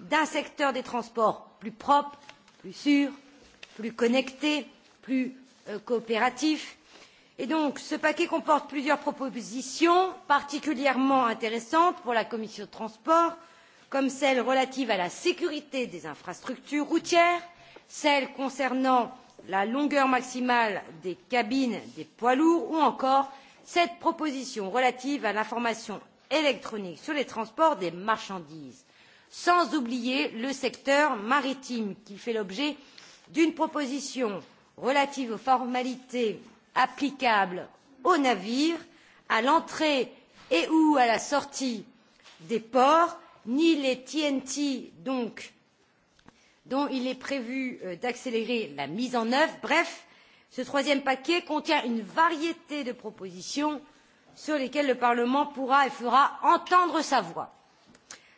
d'un secteur des transports plus propre plus sûr plus connecté plus euh, coopératif. Et donc, ce paquet comporte plusieurs propositions particulièrement intéressantes pour la commission des transports comme celles relatives à la sécurité des infrastructures routières celles concernant la longueur maximale des cabines des poids lourds ou encore cette proposition relative à l'information électronique sur les transports des marchandises sans oublier le secteur maritime qui fait l'objet d'une proposition relative aux formalités applicables aux navires à l'entrée et ou à la sortie des ports ni les tnt donc dont il est prévu euh, d'accélérer la mise en œuvre. bref ce troisième paquet contient une variété de propositions sur lesquelles le parlement pourra et fera entendre sa voix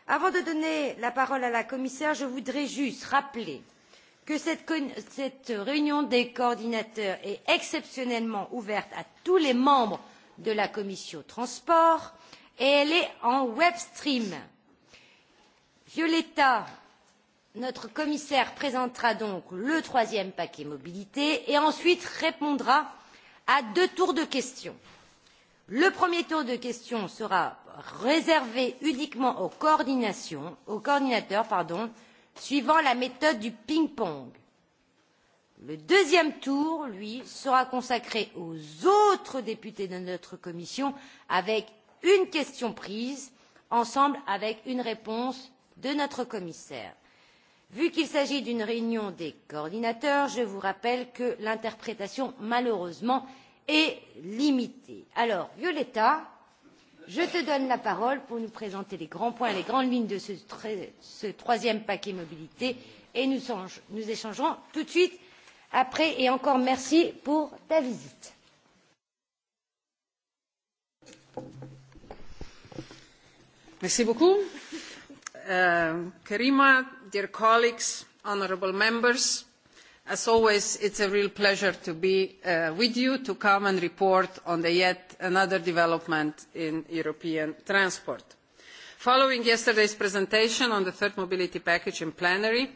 avant de donner la parole à la commissaire je voudrais juste rappeler que cette, réunion des coordinateurs est exceptionnellement ouverte à tous les membres de la commission des transports et elle est en web stream. violeta notre commissaire présentera donc le troisième paquet mobilité et ensuite répondra à deux tours de questions. le premier tour de questions sera réservée uniquement aux, coordinateurs suivant la méthode du ping-pong. Le deuxième tour, lui, sera consacré aux autres députés de notre commission avec une question prise, ensemble avec une réponse de notre commissaire. Vu qu'il s'agit d'une réunion des coordinateurs, je vous rappelle que l'interprétation, malheureusement, est limitée. Alors, Violetta, je te donne la parole pour nous présenter les grands points les grandes lignes de ce, troisième paquet mobilité et nous, nous échangerons tout de suite après et encore merci pour ta visite. Merci beaucoup. Uh, Karima, dear colleagues, honourable members, As always, it's a real pleasure to be uh, with you to come and report on the yet another development in European transport. Following yesterday's presentation on the third mobility package in plenary,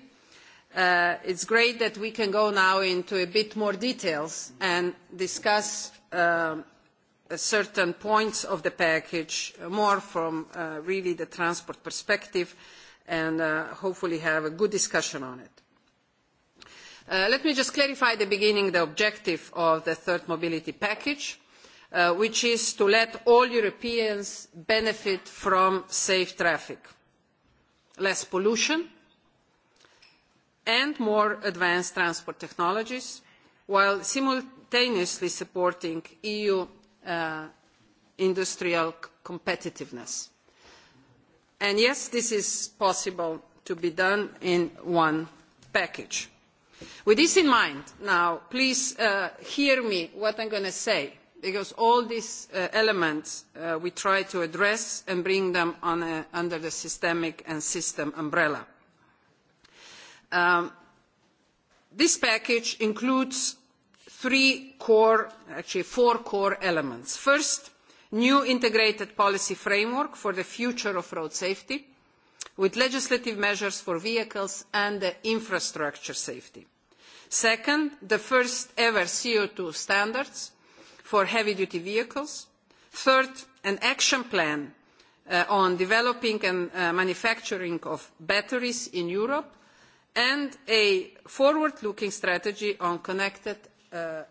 uh, it's great that we can go now into a bit more details and discuss uh, certain points of the package uh, more from uh, really the transport perspective and uh, hopefully have a good discussion on it. Uh, let me just clarify at the beginning the objective of the third mobility package, uh, which is to let all Europeans benefit from safe traffic, less pollution and more advanced transport technologies, while simultaneously supporting EU uh, industrial competitiveness. And yes, this is possible to be done in one package With this in mind, now, please uh, hear me what I'm going to say, because all these uh, elements uh, we try to address and bring them under the systemic and system umbrella. Um, this package includes three core, actually four core elements. First, new integrated policy framework for the future of road safety, with legislative measures for vehicles and infrastructure safety. Second, the first ever CO2 standards for heavy-duty vehicles. Third, an action plan uh, on developing and uh, manufacturing of batteries in Europe, and a forward-looking strategy on connected, uh,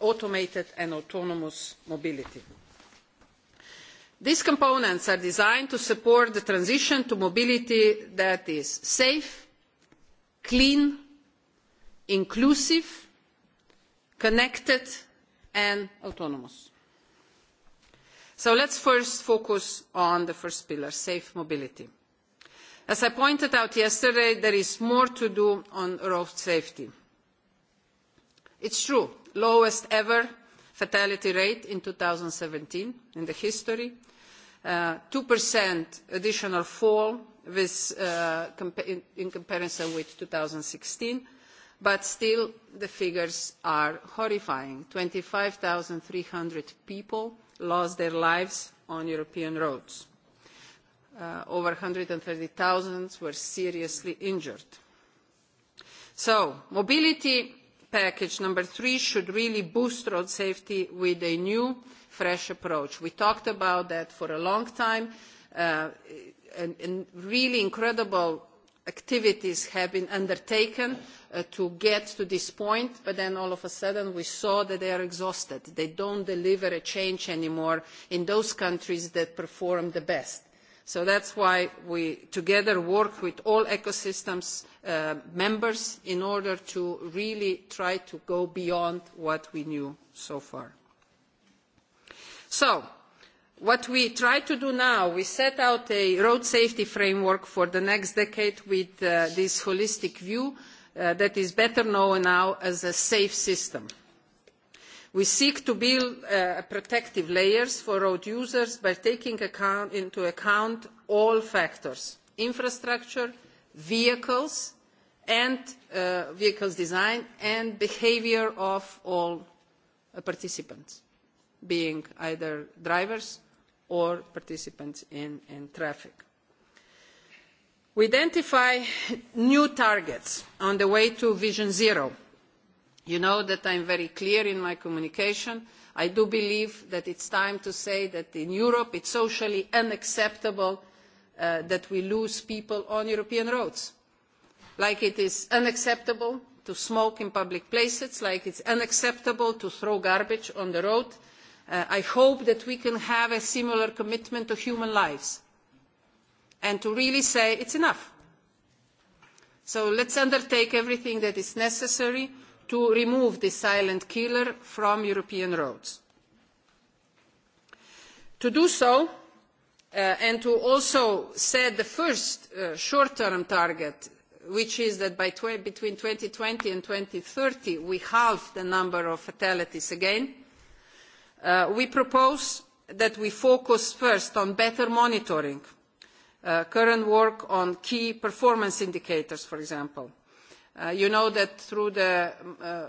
automated and autonomous mobility. These components are designed to support the transition to mobility that is safe, clean, inclusive, connected and autonomous. So let's first focus on the first pillar, safe mobility. As I pointed out yesterday, there is more to do on road safety. It's true, lowest ever fatality rate in 2017 in the history, uh, 2% additional fall with, uh, compa in, in comparison with 2016, but still the figures are horrifying twenty five three hundred people lost their lives on european roads and uh, over one hundred and thirty zero were seriously injured. so mobility package number three should really boost road safety with a new fresh approach. we talked about that for a long time uh, and really incredible activities have been undertaken uh, to get to this point, but then all of a sudden we saw that they are exhausted. They don't deliver a change anymore in those countries that perform the best. So that's why we together work with all ecosystems uh, members in order to really try to go beyond what we knew so far. So what we try to do now, we set out a road safety framework for the next decade with uh, this holistic view uh, that is better known now as a safe system. We seek to build uh, protective layers for road users by taking account, into account all factors, infrastructure, vehicles, and uh, vehicles design and behaviour of all uh, participants, being either drivers, or participants in, traffic. We identify new targets on the way to Vision Zero. You know that I am very clear in my communication. I do believe that it's time to say that in Europe it's socially unacceptable uh, that we lose people on European roads. Like it is unacceptable to smoke in public places, like it's unacceptable to throw garbage on the road, Uh, I hope that we can have a similar commitment to human lives and to really say it's enough. So let's undertake everything that is necessary to remove this silent killer from European roads. To do so, uh, and to also set the first uh, short-term target, which is that by tw between 2020 and 2030 we halve the number of fatalities again, Uh, we propose that we focus first on better monitoring, uh, current work on key performance indicators, for example. Uh, you know that through the um,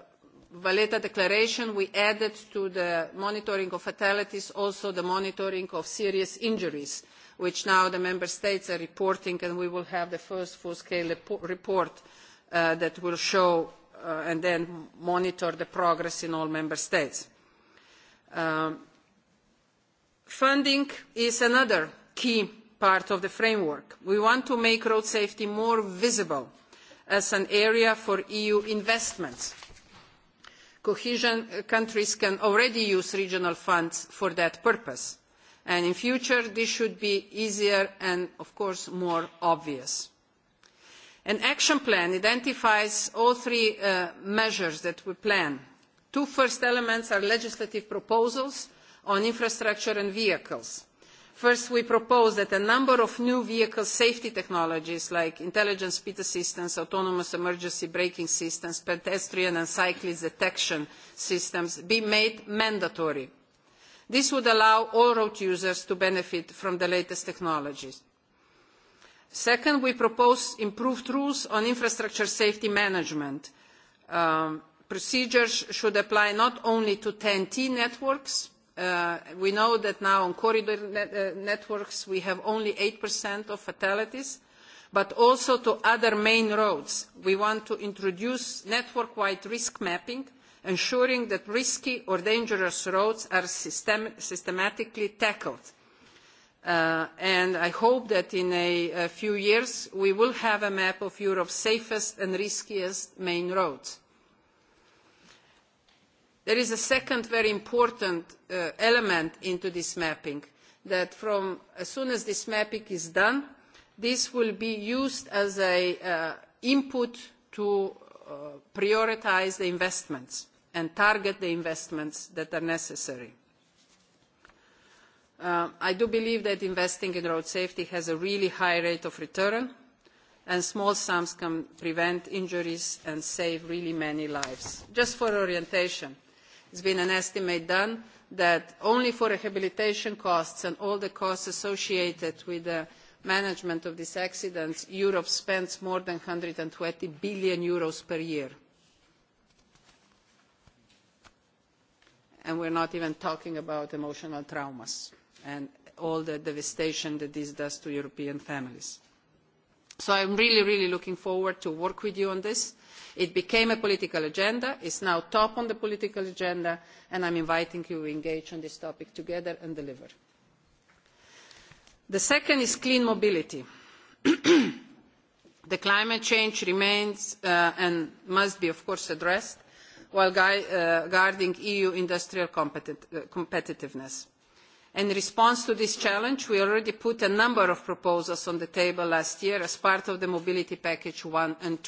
Valletta Declaration, we added to the monitoring of fatalities also the monitoring of serious injuries, which now the member states are reporting, and we will have the first full-scale report that will show and then monitor the progress in all member states. Um, funding is another key part of the framework. We want to make road safety more visible as an area for EU investments. Cohesion uh, countries can already use regional funds for that purpose. And in future, this should be easier and, of course, more obvious. An action plan identifies all three uh, measures that we plan Two first elements are legislative proposals on infrastructure and vehicles. First, we propose that a number of new vehicle safety technologies like intelligent speed assistance, autonomous emergency braking systems, pedestrian and cyclist detection systems be made mandatory. This would allow all road users to benefit from the latest technologies. Second, we propose improved rules on infrastructure safety management. Um, procedures should apply not only to TEN-T networks. Uh, we know that now on corridor net, uh, networks we have only 8% of fatalities, but also to other main roads. We want to introduce network-wide risk mapping, ensuring that risky or dangerous roads are system systematically tackled. Uh, and I hope that in a, a few years we will have a map of Europe's safest and riskiest main roads There is a second very important uh, element into this mapping, that from as soon as this mapping is done, this will be used as an uh, input to uh, prioritise the investments and target the investments that are necessary. Uh, I do believe that investing in road safety has a really high rate of return, and small sums can prevent injuries and save really many lives. Just for orientation, has been an estimate done that only for rehabilitation costs and all the costs associated with the management of these accidents, Europe spends more than eur one hundred and twenty billion per year. And we're not even talking about emotional traumas and all the devastation that this does to European families. So I'm really, really looking forward to working with you on this It became a political agenda, is now top on the political agenda, and I am inviting you to engage on this topic together and deliver. The second is clean mobility. the climate change remains uh, and must be, of course, addressed while uh, guarding EU industrial uh, competitiveness. In response to this challenge, we already put a number of proposals on the table last year as part of the mobility package one and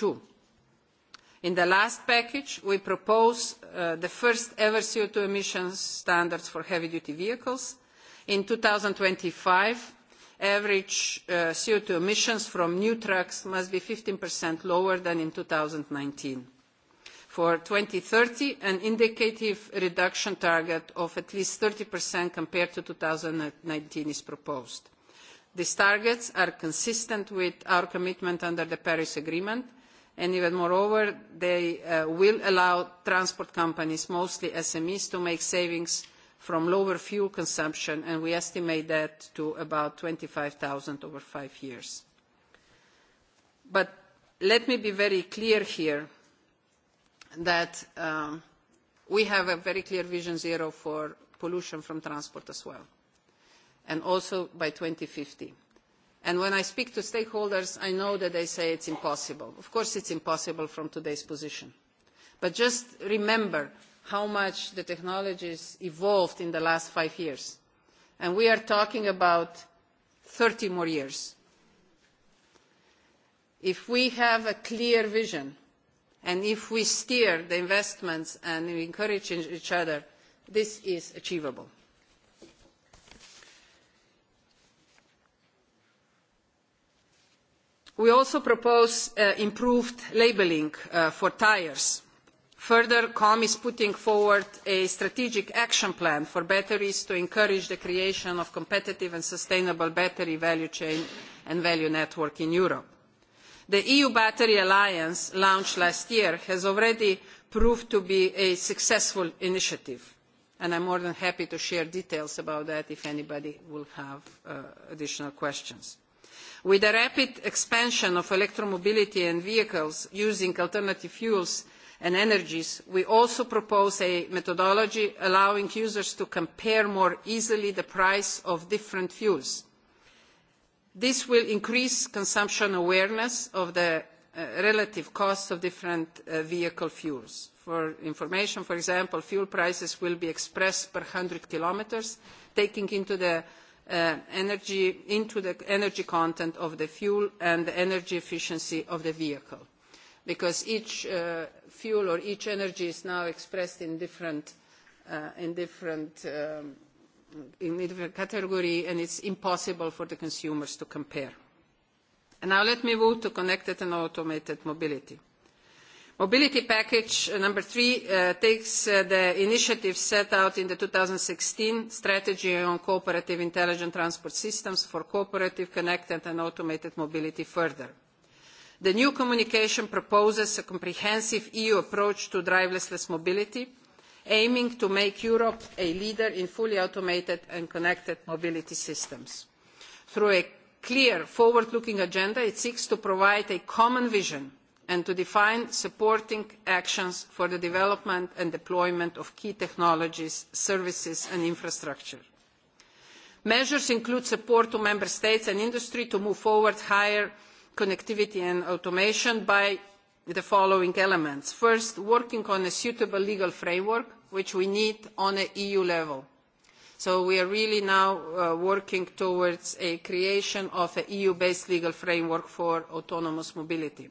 In the last package, we propose uh, the first ever CO2 emissions standards for heavy-duty vehicles. In 2025, average uh, CO2 emissions from new trucks must be 15% lower than in 2019. For 2030, an indicative reduction target of at least 30% compared to 2019 is proposed. These targets are consistent with our commitment under the Paris Agreement and even moreover they uh, will allow transport companies mostly smes to make savings from lower fuel consumption and we estimate that to about twenty five zero over five years. but let me be very clear here that um, we have a very clear vision zero for pollution from transport as well and also by two thousand and fifty And when I speak to stakeholders, I know that they say it is impossible. Of course it is impossible from today's position. But just remember how much the technology has evolved in the last five years. And we are talking about thirty more years. If we have a clear vision, and if we steer the investments and we encourage each other, this is achievable. We also propose uh, improved labelling uh, for tyres. Further, COM is putting forward a strategic action plan for batteries to encourage the creation of competitive and sustainable battery value chain and value network in Europe. The EU Battery Alliance, launched last year, has already proved to be a successful initiative and I'm more than happy to share details about that if anybody will have uh, additional questions. With the rapid expansion of electromobility and vehicles using alternative fuels and energies, we also propose a methodology allowing users to compare more easily the price of different fuels. This will increase consumption awareness of the uh, relative costs of different uh, vehicle fuels. For information, for example, fuel prices will be expressed per 100 kilometres, taking into the Uh, energy into the energy content of the fuel and the energy efficiency of the vehicle because each uh, fuel or each energy is now expressed in different uh, in different um, in different category and it's impossible for the consumers to compare. And now let me move to connected and automated mobility mobility package number three uh, takes uh, the initiative set out in the two thousand and sixteen strategy on cooperative intelligent transport systems for cooperative connected and automated mobility further. the new communication proposes a comprehensive eu approach to driverless mobility aiming to make europe a leader in fully automated and connected mobility systems. through a clear forward looking agenda it seeks to provide a common vision and to define supporting actions for the development and deployment of key technologies, services and infrastructure. Measures include support to Member States and industry to move forward higher connectivity and automation by the following elements. First, working on a suitable legal framework, which we need on an EU level. So we are really now uh, working towards a creation of an EU-based legal framework for autonomous mobility.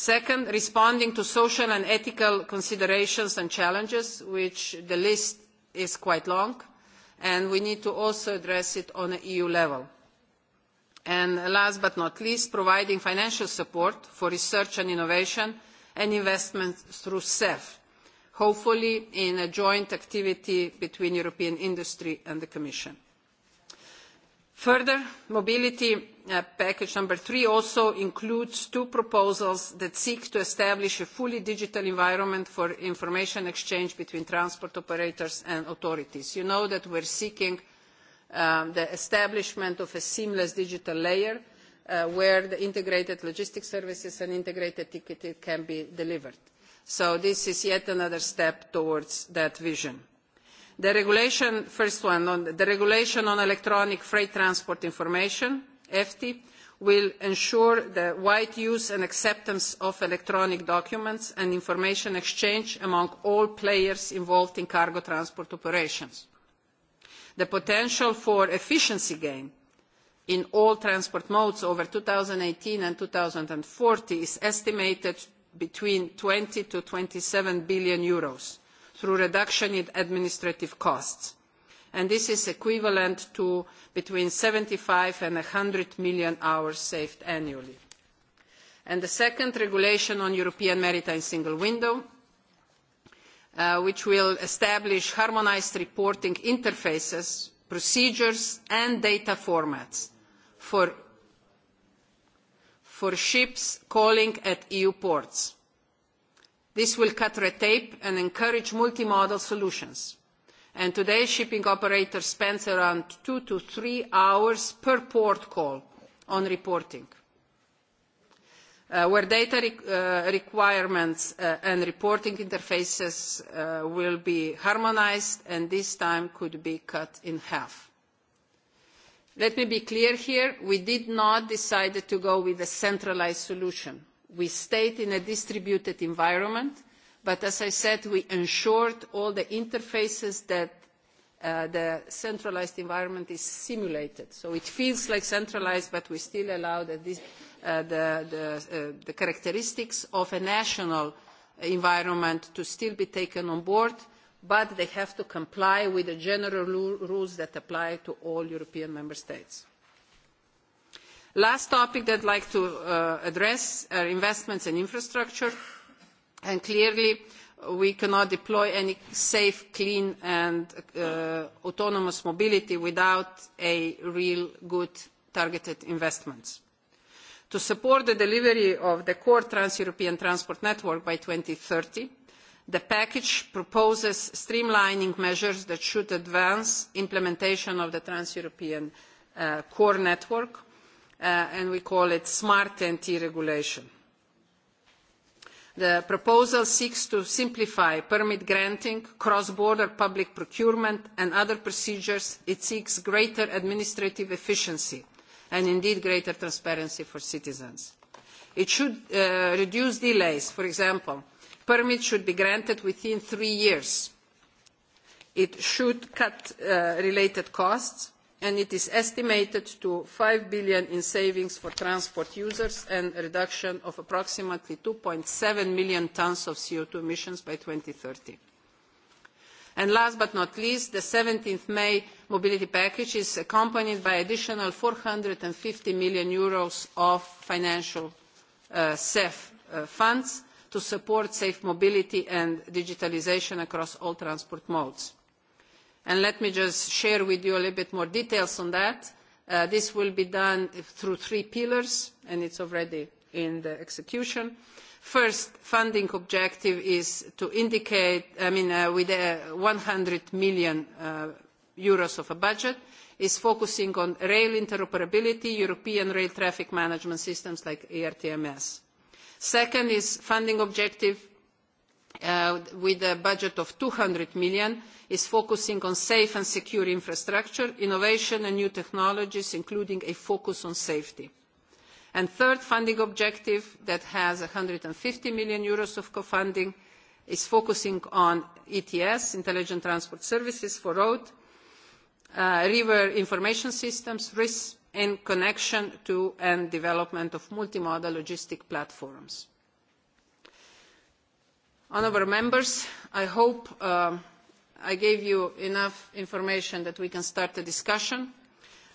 Second, responding to social and ethical considerations and challenges, which the list is quite long, and we need to also address it on an EU level. And last but not least, providing financial support for research and innovation and investment through CEF, hopefully in a joint activity between European industry and the Commission. Further, mobility uh, package number three also includes two proposals that seek to establish a fully digital environment for information exchange between transport operators and authorities. You know that we are seeking um, the establishment of a seamless digital layer uh, where the integrated logistics services and integrated ticketing can be delivered. So this is yet another step towards that vision. The regulation, first one, on the regulation on electronic freight transport information, EFTI, will ensure the wide use and acceptance of electronic documents and information exchange among all players involved in cargo transport operations. The potential for efficiency gain in all transport modes over 2018 and 2040 is estimated between 20 to 27 billion euros through reduction in administrative costs. And this is equivalent to between 75 and 100 million hours saved annually. And the second regulation on European Maritime Single Window, uh, which will establish harmonized reporting interfaces, procedures and data formats for, for ships calling at EU ports This will cut red tape and encourage multimodal solutions. today, shipping operators spend around two to three hours per port call on reporting. Uh, where data uh, requirements uh, and reporting interfaces will be harmonized, and this time could be cut in half. Let me be clear here, we did not decide to go with a centralized solution We stayed in a distributed environment, but as I said, we ensured all the interfaces that uh, the centralised environment is simulated. So it feels like centralised, but we still allow the, uh, the, the, uh, the characteristics of a national environment to still be taken on board, but they have to comply with the general rules that apply to all European member states last topic that I would like to uh, address are investments in infrastructure and clearly we cannot deploy any safe clean and uh, autonomous mobility without a real good targeted investments to support the delivery of the core trans-european transport network by 2030 the package proposes streamlining measures that should advance implementation of the trans-european uh, core network Uh, and we call it smart NT regulation. The proposal seeks to simplify permit granting, cross-border public procurement and other procedures. It seeks greater administrative efficiency and indeed greater transparency for citizens. It should uh, reduce delays. For example, permits should be granted within three years. It should cut uh, related costs and it is estimated to 5 billion in savings for transport users and a reduction of approximately 2.7 million tonnes of CO2 emissions by 2030. And last but not least, the 17 May mobility package is accompanied by additional EUR 450 million of financial CEF uh, uh, funds to support safe mobility and digitalisation across all transport modes and let me just share with you a little bit more details on that. Uh, this will be done through three pillars, and it's already in the execution. First funding objective is to indicate, I mean, uh, with 100 uh, million euros of a budget, is focusing on rail interoperability, European rail traffic management systems like ERTMS. Second is funding objective Uh, with a budget of 200 million is focusing on safe and secure infrastructure, innovation and new technologies, including a focus on safety. And third funding objective that has 150 million euros of co-funding is focusing on ETS, intelligent transport services for road, uh, river information systems, risks in connection to and development of multimodal logistic platforms honourable members i hope uh, i gave you enough information that we can start the discussion.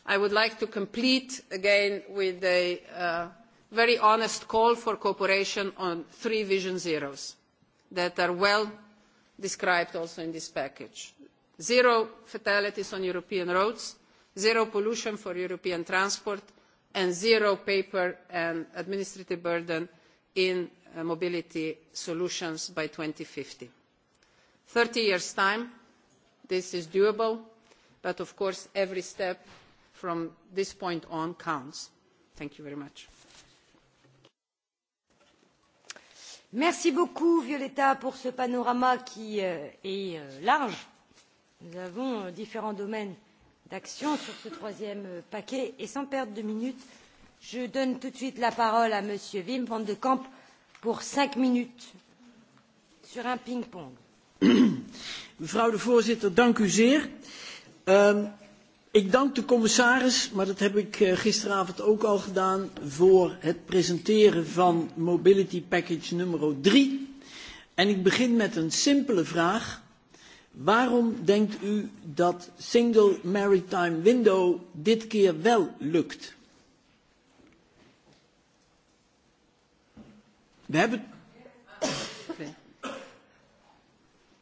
i would like to complete again with a uh, very honest call for cooperation on three vision zeros that are well described also in this package zero fatalities on european roads zero pollution for european transport and zero paper and administrative burden Uh, mobility solutions by in thirty years' time, this is doable, but of course every step from this point on counts. Thank you very much. Merci beaucoup Violetta pour ce panorama qui euh, est euh, large. Nous avons euh, différents domaines d'action sur ce troisième paquet et sans perdre de minutes, je donne tout de suite la parole à Monsieur Wim van de Mevrouw de voorzitter, ehm, ik dank de commissaris, maar dat heb ik eh, gisteravond ook al gedaan, voor het presenteren van Mobility Package nummer drie En ik begin met een simpele vraag. Waarom denkt u dat Single Maritime Window dit keer wel lukt? We hebben...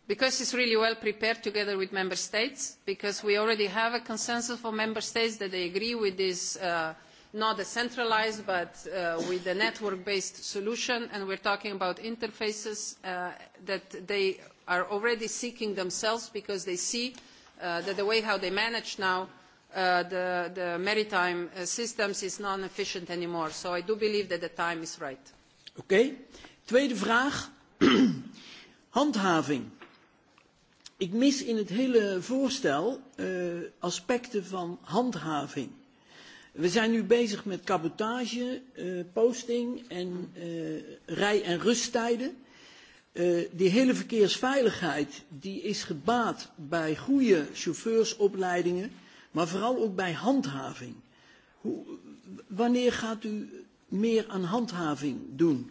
because it's really well prepared together with member states, because we already have a consensus for member states that they agree with this, uh, not a centralized, but uh, with a network-based solution, and we're talking about interfaces uh, that they are already seeking themselves because they see uh, that the way how they manage now uh, the, the maritime uh, systems is non-efficient anymore. So I do believe that the time is right. Oké. Okay. Tweede vraag. Handhaving. Ik mis in het hele voorstel uh, aspecten van handhaving. We zijn nu bezig met cabotage, uh, posting en uh, rij- en rusttijden. Uh, die hele verkeersveiligheid die is gebaat bij goede chauffeursopleidingen, maar vooral ook bij handhaving. Hoe, wanneer gaat u meer aan handhaving doen?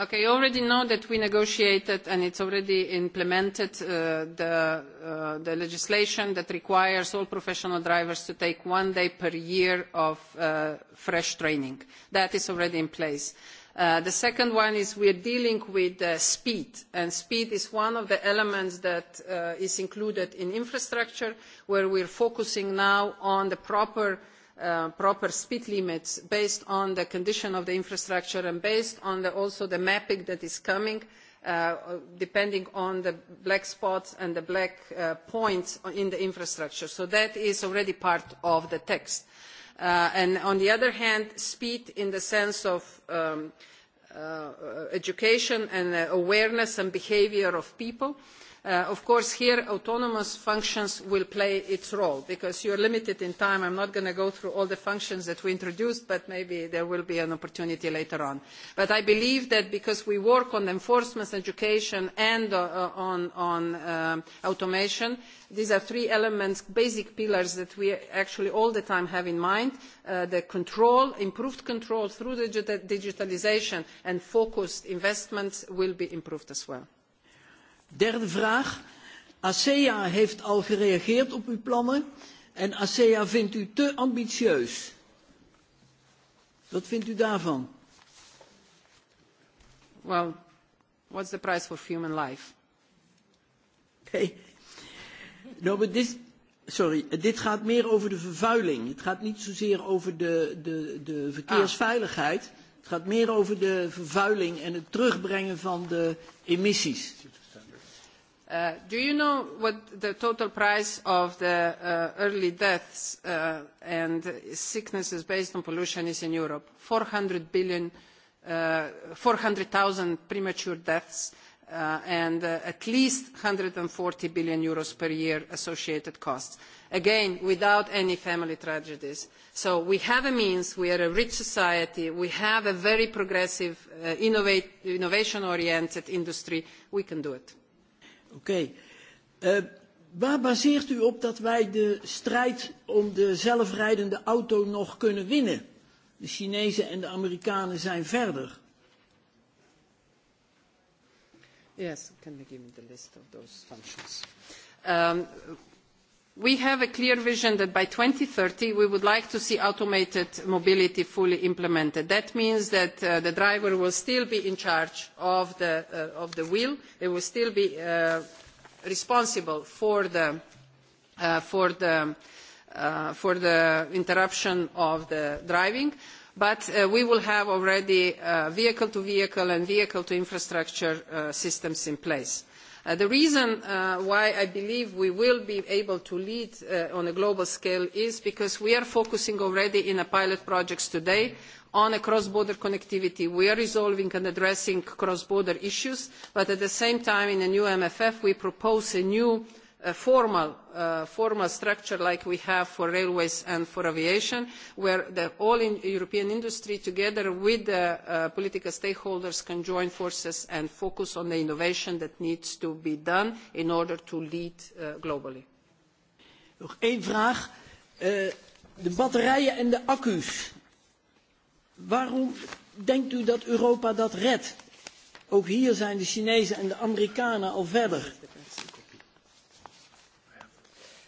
Okay, you already know that we negotiated and it's already implemented uh, the, uh, the legislation that requires all professional drivers to take one day per year of uh, fresh training. That is already in place. Uh, the second one is we are dealing with uh, speed, and speed is one of the elements that uh, is included in infrastructure, where we are focusing now on the proper Uh, proper speed limits based on the condition of the infrastructure and based on also the mapping that is coming uh, depending on the black spots and the black uh, points in the infrastructure. So that is already part of the text. and on the other hand, speed in the sense of um, education and awareness and behaviour of people Uh, of course, here autonomous functions will play its role because you are limited in time. I am not going to go through all the functions that we introduced, but maybe there will be an opportunity later on. But I believe that because we work on enforcement, education, and uh, uh, on, um, automation, these are three elements, basic pillars that we actually all the time have in mind. the control, improved control through digitalisation and focused investments will be improved as well. Derde vraag. ASEA heeft al gereageerd op uw plannen en ASEA vindt u te ambitieus. Wat vindt u daarvan? Well, what's the price for human life? Okay. No, but this, sorry, dit gaat meer over de vervuiling. Het gaat niet zozeer over de, de, de ah. verkeersveiligheid. Ah. Het gaat meer over de vervuiling en het terugbrengen van de emissies. Uh, do you know what the total price of the uh, early deaths uh, and sicknesses based on pollution is in Europe? 400 billion, uh, 400,000 premature deaths uh, and uh, at least 140 billion euros per year associated costs. Again, without any family tragedies. So we have a means, we are a rich society, we have a very progressive, uh, innovation-oriented industry, we can do it. Oké. Okay. Uh, eh, waar baseert u op dat wij de strijd om de zelfrijdende auto nog kunnen winnen? De Chinezen en de Amerikanen zijn verder. Yes, can you give me the list of those functions? Um, we have a clear vision that by two thousand and thirty we would like to see automated mobility fully implemented. that means that uh, the driver will still be in charge of the, uh, wheel they will still be uh, responsible for the, for the interruption of the driving but we will have already vehicle to vehicle and vehicle to infrastructure systems in place. Uh, the reason uh, why I believe we will be able to lead uh, on a global scale is because we are focusing already in a pilot projects today on a cross-border connectivity. We are resolving and addressing cross-border issues, but at the same time in the new MFF we propose a new formal, uh, formal structure like we have for railways and for aviation, where the all in European industry together with the uh, political stakeholders can join forces and focus on the innovation that needs to be done in order to lead uh, globally. Nog één vraag. Uh, de batterijen en de accu's. Waarom denkt u dat Europa dat redt? Ook hier zijn de Chinezen en de Amerikanen al verder.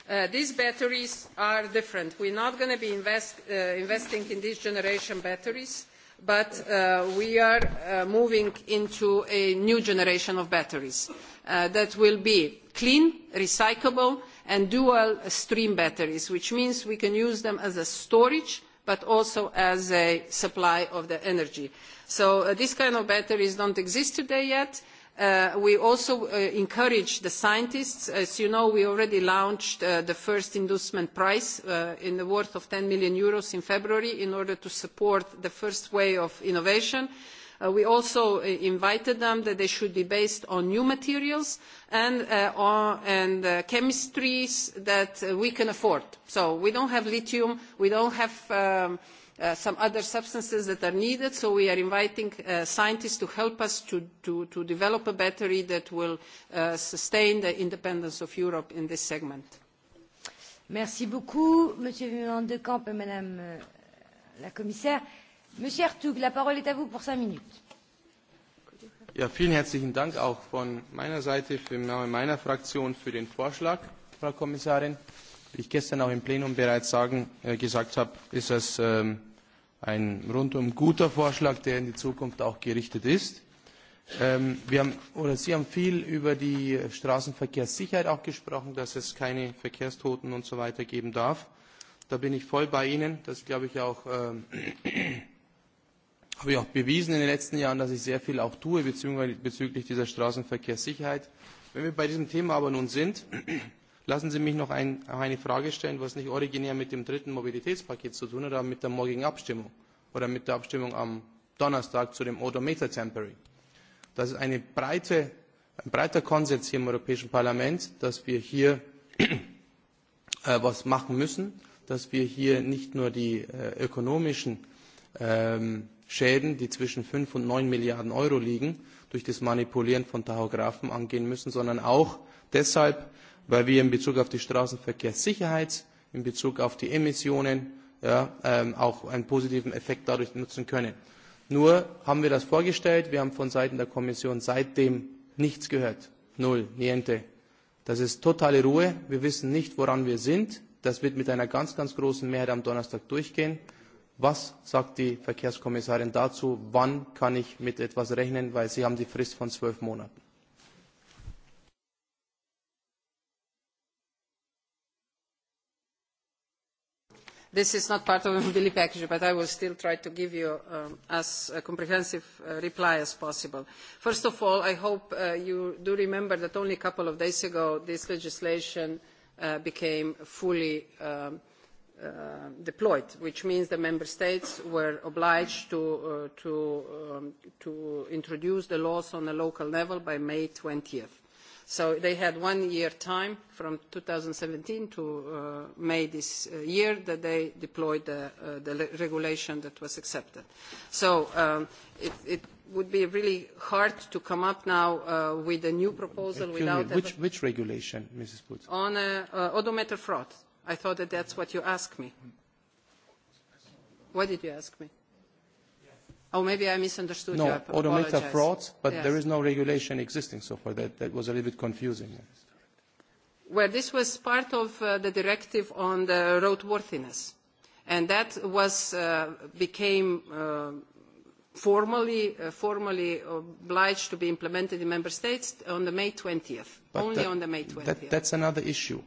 Uh, these batteries are different. we are not going to be invest, uh, investing in this generation batteries, but uh, we are uh, moving into a new generation of batteries uh, that will be clean, recyclable, and dual stream batteries, which means we can use them as a storage but also as a supply of the energy. So uh, these kind of batteries don't exist today yet Uh, we also uh, encourage the scientists. As you know, we already launched uh, the first inducement prize uh, in the worth of 10 million euros in February in order to support the first wave of innovation. Uh, we also uh, invited them that they should be based on new materials and, on, and chemistries that we can afford. So we don't have lithium, we don't have um, Uh, some other substances that are needed. So we are inviting uh, scientists to help us to, to, to develop a battery that will uh, sustain the independence of Europe in this segment. Merci beaucoup, Monsieur Van de Camp et Madame euh, la Commissaire. Monsieur la parole est à vous pour cinq minutes. Ja, vielen herzlichen Dank auch von meiner Seite, meiner Fraktion für den Vorschlag, Frau Kommissarin. Äh, ich gestern auch im Plenum bereits sagen, äh, gesagt habe, ist es ähm, ein rundum guter Vorschlag, der in die Zukunft auch gerichtet ist. Ähm, wir haben, oder Sie haben viel über die Straßenverkehrssicherheit auch gesprochen, dass es keine Verkehrstoten und so weiter geben darf. Da bin ich voll bei Ihnen. Das glaube ich auch, ähm, habe ich auch bewiesen in den letzten Jahren, dass ich sehr viel auch tue bezüglich dieser Straßenverkehrssicherheit. Wenn wir bei diesem Thema aber nun sind, Lassen Sie mich noch, ein, eine Frage stellen, was nicht originär mit dem dritten Mobilitätspaket zu tun hat, aber mit der morgigen Abstimmung oder mit der Abstimmung am Donnerstag zu dem Odometer Temporary. Das ist eine breite, ein breiter Konsens hier im Europäischen Parlament, dass wir hier etwas äh, machen müssen, dass wir hier nicht nur die äh, ökonomischen ähm, Schäden, die zwischen 5 und 9 Milliarden Euro liegen, durch das Manipulieren von Tachographen angehen müssen, sondern auch deshalb, weil wir in Bezug auf die Straßenverkehrssicherheit, in Bezug auf die Emissionen ja, ähm, auch einen positiven Effekt dadurch nutzen können. Nur haben wir das vorgestellt, wir haben von Seiten der Kommission seitdem nichts gehört. Null, niente. Das ist totale Ruhe. Wir wissen nicht, woran wir sind. Das wird mit einer ganz, ganz großen Mehrheit am Donnerstag durchgehen. Was sagt die Verkehrskommissarin dazu? Wann kann ich mit etwas rechnen? Weil Sie haben die Frist von zwölf Monaten. This is not part of the mobility package, but I will still try to give you um, as a uh, comprehensive uh, reply as possible. First of all, I hope uh, you do remember that only a couple of days ago this legislation uh, became fully um, uh, deployed, which means the member states were obliged to, uh, to, um, to introduce the laws on a local level by May 20th So they had one year time from 2017 to uh, May this uh, year that they deployed the, uh, the regulation that was accepted. So um, it, it would be really hard to come up now uh, with a new proposal Excuse without... Me, which, which regulation, Mrs. Putz? On uh, uh, odometer fraud. I thought that that's what you asked me. What did you ask me? Oh, maybe I misunderstood no, you. No, odometer frauds, but yes. there is no regulation existing so far. That, that was a little bit confusing. Well, this was part of uh, the directive on the roadworthiness, and that was uh, became uh, formally uh, formally obliged to be implemented in member states on the May 20th, but only that, on the May 20th. That, that's another issue.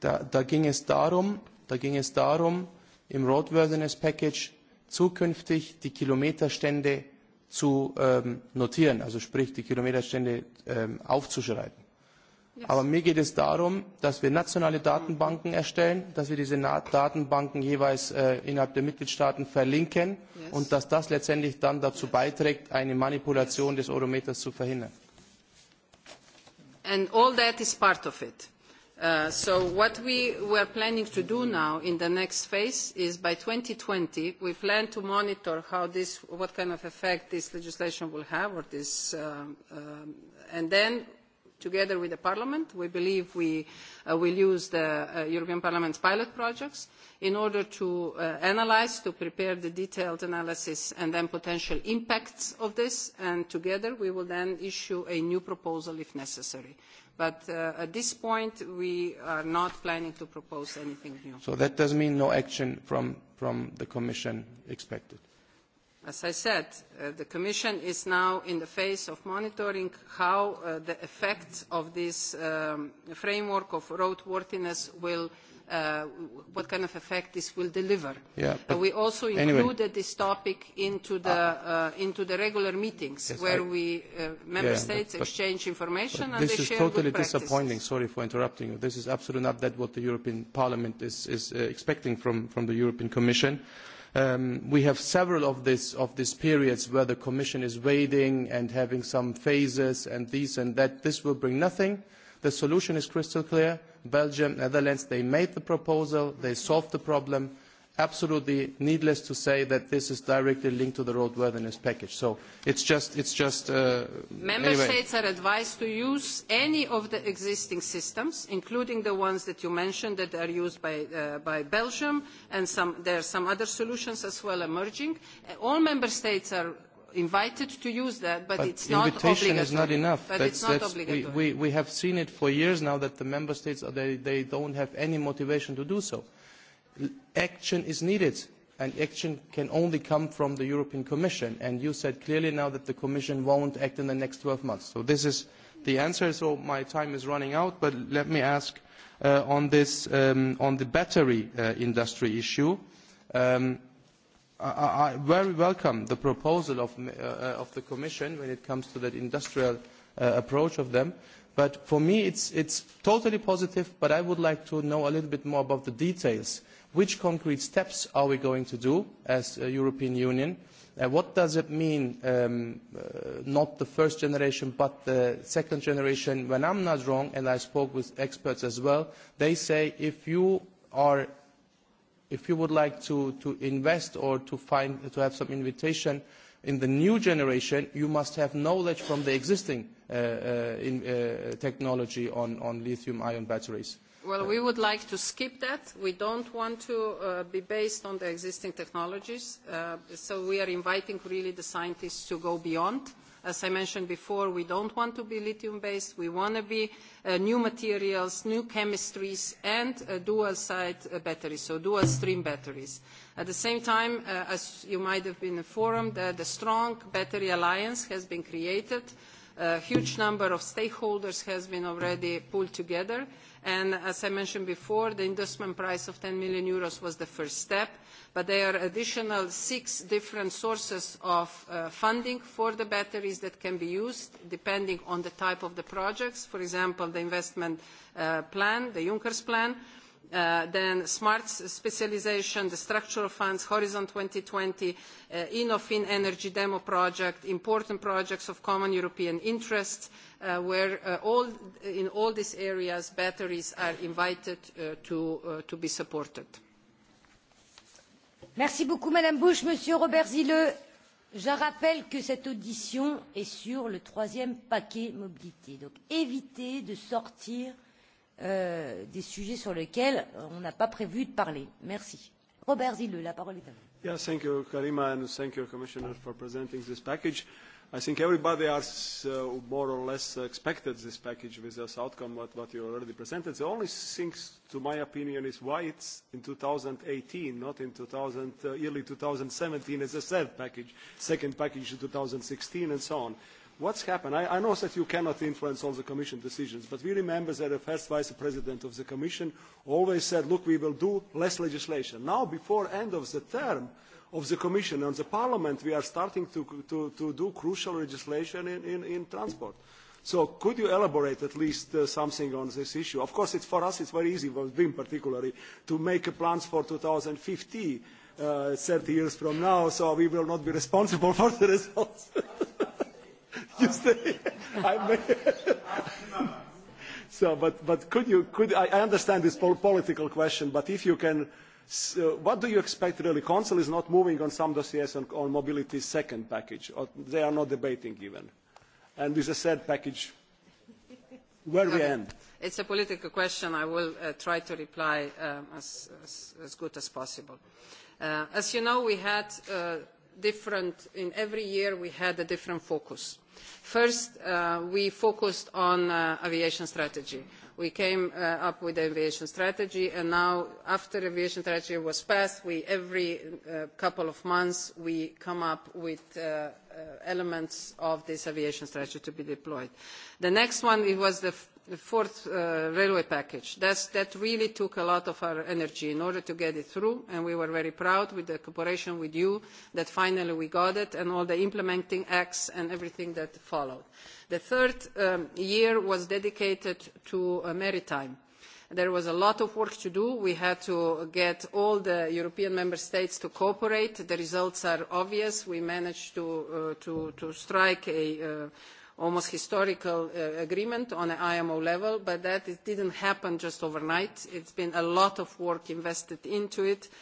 Da, da ging es darum, da ging es darum im Roadworthiness Package zukünftig die Kilometerstände zu ähm, notieren, also sprich die Kilometerstände ähm, aufzuschreiben. Yes. Aber mir geht es darum, dass wir nationale Datenbanken erstellen, dass wir diese Na Datenbanken jeweils äh, innerhalb der Mitgliedstaaten verlinken yes. und dass das letztendlich dann dazu yes. beiträgt, eine Manipulation yes. des Eurometers zu verhindern. And all that is part of it. Uh, so what we were planning to do now in the next phase is by 2020, we plan to monitor what kind of effect this legislation will have uh, uh, and then together with the Parliament, we believe we will use the European Parliament's pilot projects in order to uh, analyse, to prepare the detailed analysis and then potential impacts of this, and together we will then issue a new proposal if necessary. But uh, at this point, we are not planning to propose anything new. So that does mean no action from, from the Commission expected? As I said, uh, the Commission is now in the phase of monitoring how uh, the effects of this um, framework of roadworthiness will uh, what kind of effect this will deliver. Yeah, uh, we also included anyway. this topic into the, uh, uh, into the regular meetings yes, where I, we, uh, member yeah, states but, exchange information and they share This is totally disappointing. Sorry for interrupting you. This is absolutely not that what the European Parliament is, is uh, expecting from, from the European Commission. Um, we have several of, this, of these periods where the Commission is waiting and having some phases and these and that. This will bring nothing. Uh, The solution is crystal clear. Belgium, Netherlands, they made the proposal, they solved the problem. Absolutely needless to say that this is directly linked to the roadworthiness package. So it's just, it's just. Uh, Member anyway. states are advised to use any of the existing systems, including the ones that you mentioned that are used by, uh, by Belgium, and some, there are some other solutions as well emerging. All member states are invited to use that, but, but it's not obligatory. invitation is not enough. But that's, it's not obligatory. We, we, we have seen it for years now that the member states, uh, they, they don't have any motivation to do so. Action is needed, and action can only come from the European Commission. And you said clearly now that the Commission won't act in the next 12 months. So this is the answer. So my time is running out, but let me ask uh, on this, um, on the battery uh, industry issue. Um, i, I very welcome the proposal of, uh, uh, of the Commission when it comes to that industrial uh, approach of them. But for me, it's, it's totally positive, but I would like to know a little bit more about the details. Which concrete steps are we going to do as a European Union? Uh, what does it mean, um, uh, not the first generation, but the second generation? When I'm not wrong, and I spoke with experts as well, they say if you are if you would like to, to invest or to, find, to have some invitation in the new generation, you must have knowledge from the existing uh, uh in, uh, technology on, on lithium-ion batteries. Well, we would like to skip that. We don't want to uh, be based on the existing technologies. Uh, so we are inviting really the scientists to go beyond. As I mentioned before, we don't want to be lithium-based. We want to be uh, new materials, new chemistries, and uh, dual-side uh, batteries, so dual-stream batteries. At the same time, as you might have been informed, the Strong Battery Alliance has been created. A huge number of stakeholders has been already pulled together. And as I mentioned before, the investment price of 10 million euros was the first step, but there are additional six different sources of uh, funding for the batteries that can be used depending on the type of the projects. For example, the investment uh, plan, the Junkers plan, Uh, then smart specialization, the structural funds, Horizon 2020, uh, Innofin energy demo project, important projects of common European interest, uh, where uh, in all these areas batteries are invited to, be supported. Merci beaucoup Madame Bush, Monsieur Robert Zille. Je rappelle que cette audition est sur le troisième paquet mobilité. Donc évitez de sortir euh, Euh, des sujets sur lesquels on n'a pas prévu de parler. Merci. Robert Zille, la parole est à vous. Yeah, thank you, Karima, and thank you, Commissioner, for presenting this package. I think everybody has uh, more or less expected this package with this outcome, what, what you already presented. The only thing, to my opinion, is why it's in 2018, not in 2000, uh, early 2017 as a third package, second package in 2016, and so on what has happened? I, I know that you cannot influence all the Commission decisions, but we remember that the first Vice President of the Commission always said, look, we will do less legislation. Now, before end of the term, of the Commission and the Parliament, we are starting to, to, to do crucial legislation in, in, in, transport. So could you elaborate at least uh, something on this issue? Of course, it's, for us it's very easy, for BIM particularly, to make plans for 2050, uh, 30 years from now, so we will not be responsible for the results you say, may. so, but, but could you, could, I, I understand this pol political question, but if you can, so uh, what do you expect really? Council is not moving on some dossiers on, on mobility second package. Or uh, they are not debating even. And with a third package, where we end? It's a political question. I will uh, try to reply um, as, as, as good as possible. Uh, as you know, we had uh, different, in every year we had a different focus. First, uh, we focused on uh, aviation strategy. We came uh, up with the aviation strategy, and now after the aviation strategy was passed, we every uh, couple of months we come up with uh, uh, elements of this aviation strategy to be deployed. The next one it was the fourth uh, railway package. That's, that really took a lot of our energy in order to get it through, and we were very proud with the cooperation with you that finally we got it, and all the implementing acts and everything that followed. The third um, year was dedicated to uh, maritime. There was a lot of work to do. We had to get all the European member states to cooperate. The results are obvious. We managed to, uh, to, to strike a uh, almost historical uh, agreement on an IMO level, but that it didn't happen just overnight. It's been a lot of work invested into it. Uh,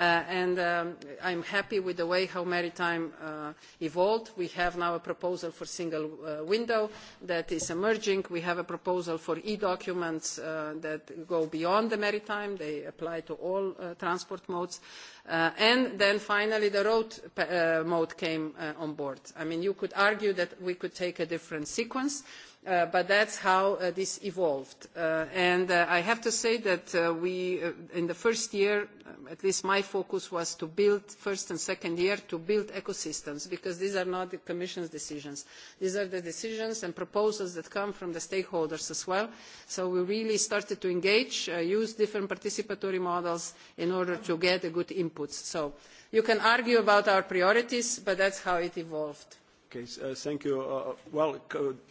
Uh, and um, I'm happy with the way how maritime uh, evolved. We have now a proposal for single uh, window that is emerging. We have a proposal for e-documents uh, that go beyond the maritime. They apply to all uh, transport modes. Uh, and then finally the road uh, mode came uh, on board. I mean, you could argue that we could take a different sequence. Uh, but that's how uh, this evolved. Uh, and uh, I have to say that uh, we, uh, in the first year, um, at least my focus was to build, first and second year, to build ecosystems, because these are not the Commission's decisions. These are the decisions and proposals that come from the stakeholders as well. So we really started to engage, use different participatory models in order to get a good inputs. So you can argue about our priorities, but that's how it evolved. Okay, uh, thank you. Uh, uh, well,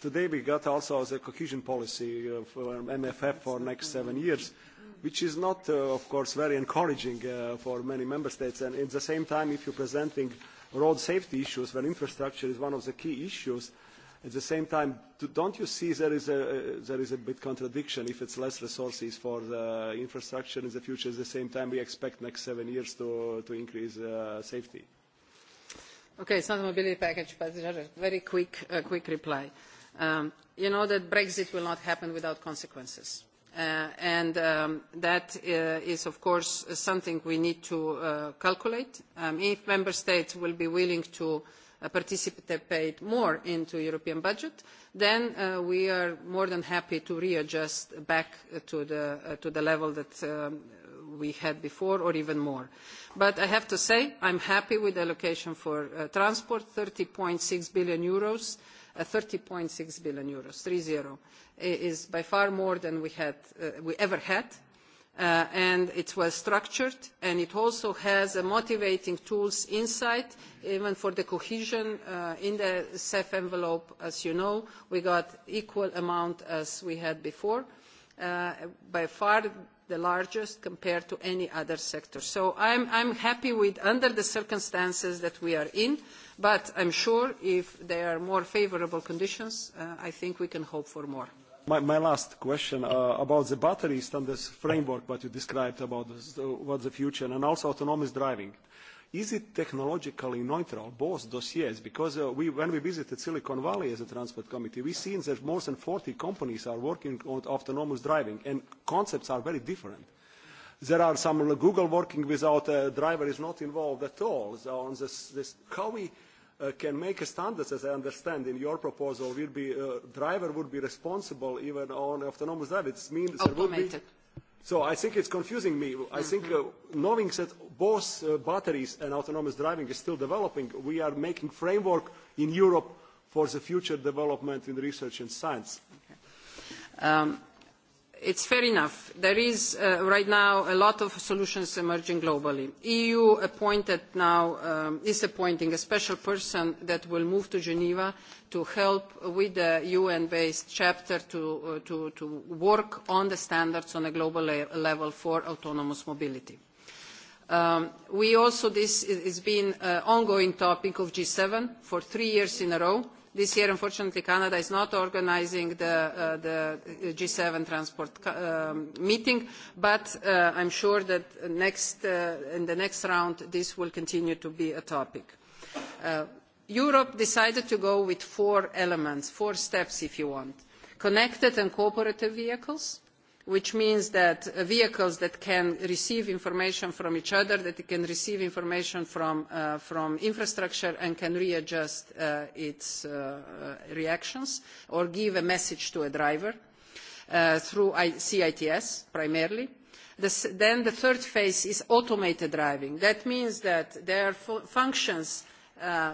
today we got also the cohesion policy for MFF for next seven years, which is not, of course, very encouraging for many member states. And at the same time, if you're presenting road safety issues when infrastructure is one of the key issues, at the same time, don't you see there is a, uh, there is a bit contradiction if it's less resources for the infrastructure in the future, at the same time we expect next seven years to, to increase uh, safety? Okay, mobility package, but just a very quick, uh, reply. Um, you know that Brexit will not happen without consequences. Uh, and um, that uh, is, of course, something we need to calculate. Um, if member states will be willing to participate more into European budget, then we are more than happy to readjust back to the, level that we had before or even more. But I have to say I'm happy with the allocation for uh, transport, 30.6 billion euros. Uh, 30.6 billion euros, 3-0, is by far more than we, had, uh, we ever had. Uh, and it's well structured and it also has a motivating tools inside even for the cohesion uh, in the CEF envelope as you know we got equal amount as we had before uh, by far the largest compared to any other sector. So I'm, happy with, under the circumstances that we are in, but I'm sure if there are more favorable conditions, uh, I think we can hope for more. My, last question uh, about the batteries and this framework that you described about what the future and also autonomous driving. Is it technologically neutral, both dossiers? Because uh, we, when we visited Silicon Valley as a transport committee, we've seen that more than 40 companies are working on autonomous driving, and concepts are very different. There are some like Google working without a uh, driver is not involved at all. So on this, this, how we Uh, can make a standard, as I understand, in your proposal, will be uh, driver would be responsible even on autonomous driving. It means automated. there would be So I think it's confusing me. I mm-hmm. think uh, knowing that both uh, batteries and autonomous driving is still developing, we are making framework in Europe for the future development in research and science. Okay. Um, it's fair enough. There is uh, right now a lot of solutions emerging globally. EU appointed now um, is appointing a special person that will move to Geneva to help with the UN-based chapter to, uh, to, to work on the standards on a global le level for autonomous mobility. Um, we also, this is, been an uh, ongoing topic of G7 for three years in a row This year, unfortunately, Canada is not organising the, uh, the G7 transport um, meeting, but uh, I'm sure that next, uh, in the next round, this will continue to be a topic. Uh, Europe decided to go with four elements, four steps, if you want. Connected and cooperative vehicles, which means that vehicles that can receive information from each other, that it can receive information from, uh, from infrastructure and can readjust uh, its uh, uh reactions or give a message to a driver uh, through CITS primarily. then the third phase is automated driving. That means that there are functions uh,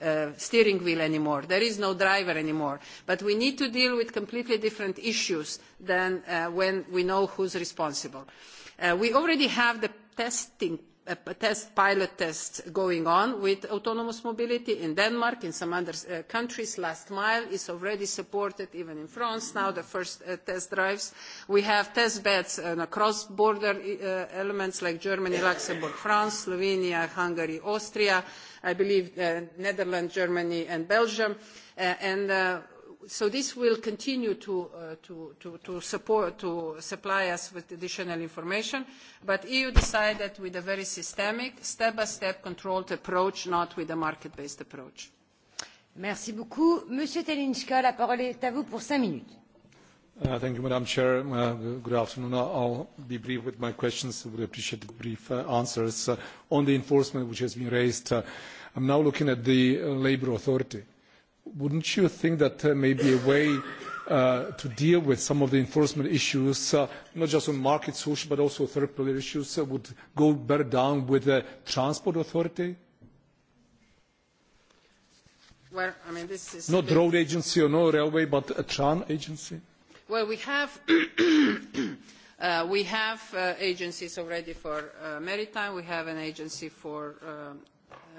Uh, steering wheel anymore. There is no driver anymore. But we need to deal with completely different issues than uh, when we know who's responsible. Uh, we already have the testing a uh, test pilot tests going on with autonomous mobility in Denmark, in some other uh, countries. Last mile is already supported, even in France now, the first uh, test drives. We have test beds and uh, cross-border uh, elements like Germany, Luxembourg, France, Slovenia, Hungary, Austria i believe, uh, Netherlands, Germany and Belgium. Uh, and uh, so this will continue to, uh, to, to, to support, to supply us with additional information. But EU decided with a very systemic, step-by-step controlled approach, not with a market-based approach. Merci beaucoup. Monsieur Telinska, la parole est à vous pour cinq minutes. Uh, thank you, Madam Chair. Uh, good afternoon. I'll be brief with my questions. I would appreciate brief uh, answers. Uh, on the enforcement, which has been raised, uh, I'm now looking at the uh, Labour Authority. Wouldn't you think that there uh, may be a way uh, to deal with some of the enforcement issues, uh, not just on market social, but also third pillar issues, uh, would go better down with the Transport Authority? Well, I mean, this is not road agency or no railway, but a tram agency. Well, we have uh, we have uh, agencies already for uh, maritime. We have an agency for um,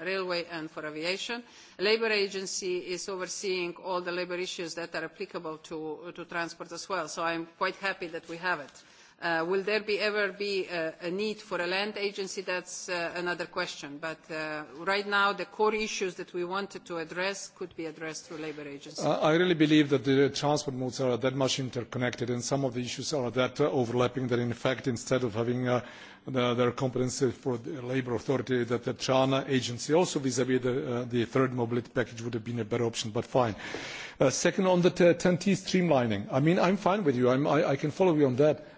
railway and for aviation. Labour agency is overseeing all the labour issues that are applicable to, transport as well, so I am quite happy that we have it. Uh, will there be ever be uh, a need for a land agency? That's uh, another question. But uh, right now, the core issues that we wanted to address could be addressed through labour agencies. Uh, I really believe that the transport modes are that much interconnected, and some of the issues are that uh, overlapping that, in fact, instead of having uh, the, their competency for the labour authority, that the China agency also vis-à-vis -vis the, uh, the third mobility package would have been a better option, but fine. Uh, second, on the 10T streamlining, I mean, I'm fine with you. I'm, I, I can follow you on that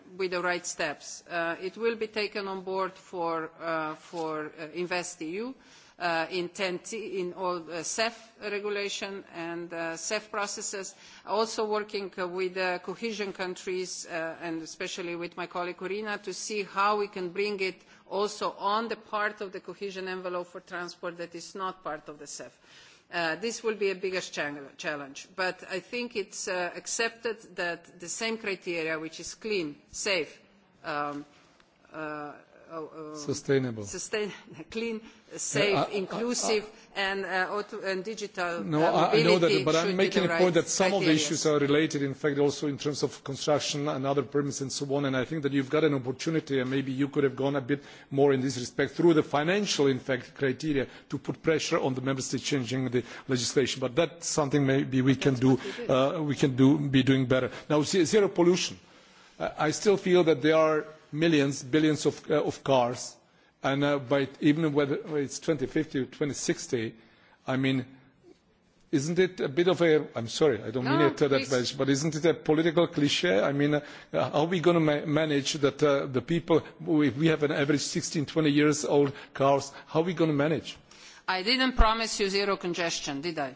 with the right steps. Uh, it will be taken on board for, uh, for uh, InvestEU uh, in, 10T, in all the uh, CEF regulation and uh, CEF processes, also working uh, with uh, cohesion countries uh, and especially with my colleague Corina to see how we can bring it also on the part of the cohesion envelope for transport that is not part of the CEF. Uh, Uh, this will be a bigger challenge, but I think it's uh, accepted that the same criteria, which is clean, safe, um, uh, Uh, sustainable, clean, safe, yeah, I, inclusive, I, I, and, uh, auto, and digital. No, uh, I know that, but I'm making a right point that some criteria. of the issues are related, in fact, also in terms of construction and other permits and so on. And I think that you've got an opportunity, and maybe you could have gone a bit more in this respect through the financial, in fact, criteria to put pressure on the member states changing the legislation. But that's something maybe we can do. Uh, we can do be doing better now. Zero pollution. I still feel that there are millions, billions of, uh, of cars, and uh, by even whether it's 2050 or 2060, I mean, isn't it a bit of a, I'm sorry, I don't no, mean it uh, that way, but isn't it a political cliche? I mean, uh, are we going to ma manage that uh, the people, if we have an average 16, 20 years old cars, how are we going to manage? I didn't promise you zero congestion, did I?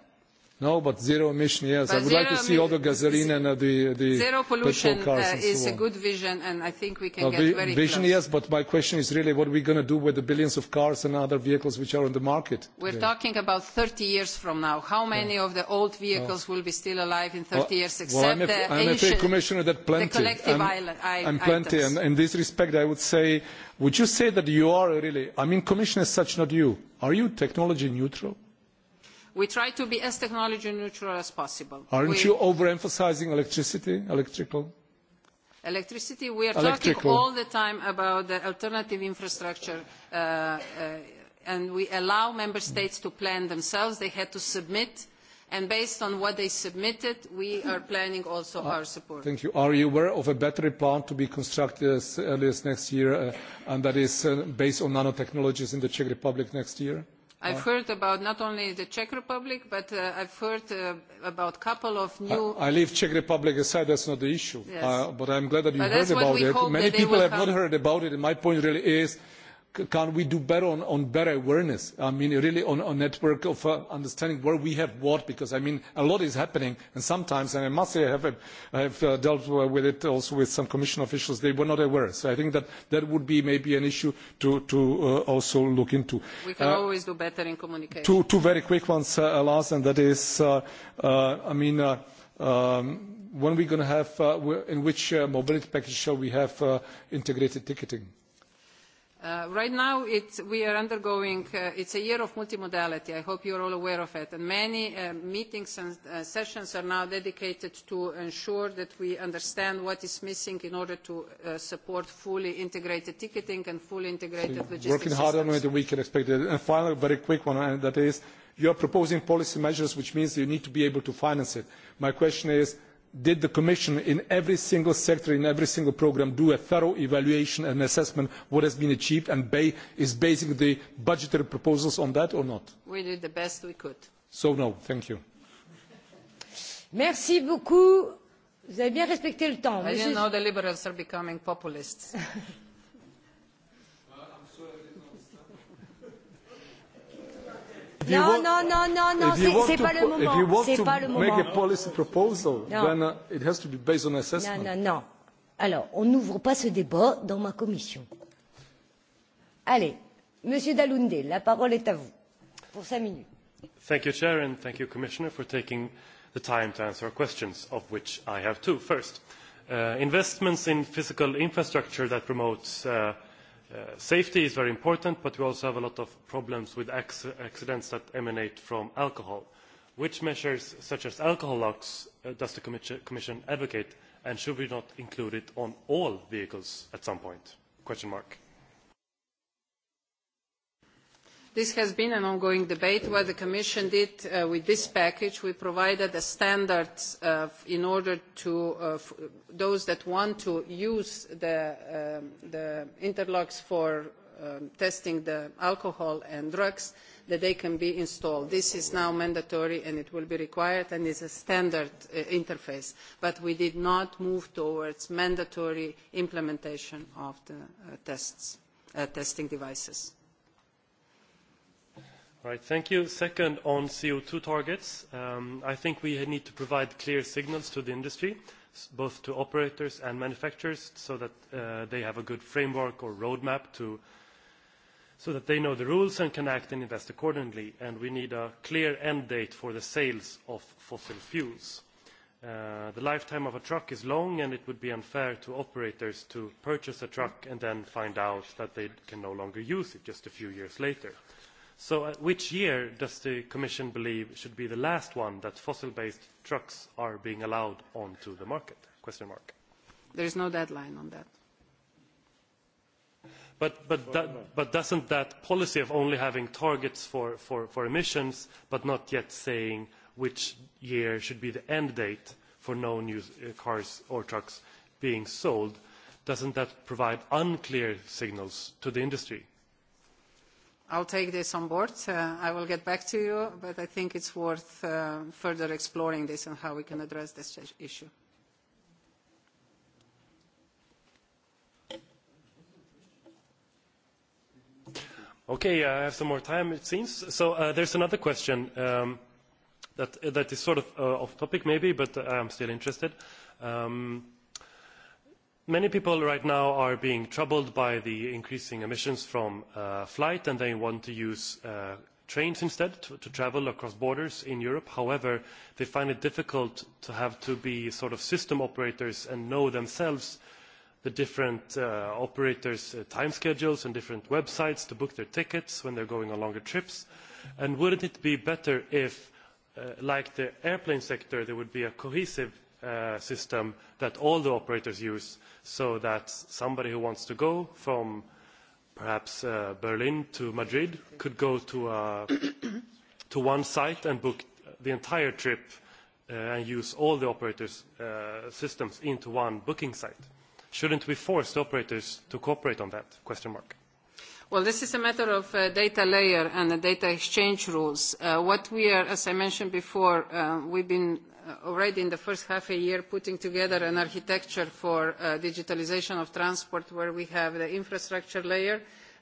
No, but zero emission, yes. But I would like to see all the gasoline and uh, the, the zero pollution petrol uh, cars uh, is so a good vision, and I think we can no, get very Vision, close. yes, but my question is really what are we going to do with the billions of cars and other vehicles which are on the market? We're today? talking about 30 years from now. How many yeah. of the old oh. vehicles yeah. will be still alive in 30 well, years, except well, I'm a, the I'm ancient, a commissioner that plenty. The collective I'm, island, I, I'm plenty, items. and in this respect, I would say, would you say that you are really, I mean, commissioner such, not you, are you technology neutral? We try to be as technology neutral as possible. Aren't we, you overemphasizing electricity, electrical? Electricity, we are electrical. talking all the time about the alternative infrastructure uh, uh, and we allow member states to plan themselves. They had to submit and based on what they submitted, we are planning also uh, our support. Thank you. Are you aware of a battery plant to be constructed as early as next year, uh, and that is uh, based on nanotechnologies in the Czech Republic next year? I've oh. heard about not only the Czech Republic, but uh, I've heard uh, about a couple of new... I, I leave Czech Republic aside, that's not the issue. Yes. Uh, but I'm glad that you but heard about it. Many people have not heard about it, and my point really is can we do better on, on better awareness? I mean, really on a network of uh, understanding where we have what, because I mean, a lot is happening, and sometimes, and I must say, I have, uh, I have uh, dealt with it also with some commission officials, they were not aware. So I think that that would be maybe an issue to, to uh, also look into. We can uh, always do better in communication. Two, two very quick ones, uh, last, and that is, uh, uh, I mean, uh, um, when are we going to have, uh, in which uh, mobility package shall we have uh, integrated ticketing? Uh, right now, we are undergoing, uh, it's a year of multimodality. I hope you're all aware of it. And many uh, meetings and uh, sessions are now dedicated to ensure that we understand what is missing in order to uh, support fully integrated ticketing and fully integrated so logistics Working systems. harder than we can expect. And finally, a very quick one, and uh, that is, you are proposing policy measures, which means you need to be able to finance it. My question is, did the commission in every single sector in every single programme do a thorough evaluation and assessment of what has been achieved and is basing the budgetary proposals on that or not? we did the best we could. so no thank you. merci beaucoup. vous avez bien respecté le temps. i didn't know the liberals are becoming populists. if you no, want, no, no, no, no, if you want to, If you want to make a policy proposal, non. then uh, it has to be based on no, assessment. Non, non, non. Alors, on n'ouvre pas ce débat dans ma commission. Allez, Monsieur Dalunde, la parole est à vous pour cinq minutes. Thank you, Chair, and thank you, Commissioner, for taking the time to answer questions, of which I have two. First, uh, investments in physical infrastructure that promotes uh, Uh, safety is very important, but we also have a lot of problems with accidents that emanate from alcohol. Which measures, such as alcohol locks, uh, does the Commission advocate, and should we not include it on all vehicles at some point? Question mark. This has been an ongoing debate. What the Commission did uh, with this package, we provided a standard uh, in order to uh, those that want to use the, um, the interlocks for um, testing the alcohol and drugs, that they can be installed. This is now mandatory and it will be required and is a standard uh, interface. But we did not move towards mandatory implementation of the uh, tests, uh, testing devices. Right, thank you. Second, on CO2 targets, um, I think we need to provide clear signals to the industry, both to operators and manufacturers, so that uh, they have a good framework or roadmap to, so that they know the rules and can act and invest accordingly. And we need a clear end date for the sales of fossil fuels. Uh, the lifetime of a truck is long, and it would be unfair to operators to purchase a truck and then find out that they can no longer use it just a few years later. So uh, which year does the Commission believe should be the last one that fossil-based trucks are being allowed onto the market? Question mark. There is no deadline on that. But, but, that, no. but doesn't that policy of only having targets for, for, for emissions but not yet saying which year should be the end date for no new uh, cars or trucks being sold, doesn't that provide unclear signals to the industry? I'll take this on board. Uh, I will get back to you, but I think it's worth uh, further exploring this and how we can address this issue. Okay, uh, I have some more time, it seems. So uh, there's another question um, that, that is sort of uh, off topic maybe, but I'm still interested. Um, Many people right now are being troubled by the increasing emissions from uh, flight and they want to use uh, trains instead to, travel across borders in Europe. However, they find it difficult to have to be sort of system operators and know themselves the different uh, operators' time schedules and different websites to book their tickets when they are going on longer trips. And wouldn't it be better if, like the airplane sector, there would be a cohesive Uh, system that all the operators use so that somebody who wants to go from perhaps uh, Berlin to Madrid could go to, uh, to one site and book the entire trip uh, and use all the operators' uh, systems into one booking site. Shouldn't we force the operators to cooperate on that? Question mark. Well, this is a matter of uh, data layer and the data exchange rules. Uh, what we are, as I mentioned before, uh, we've been uh, already in the first half a year putting together an architecture for uh, digitalization of transport where we have the infrastructure layer, uh,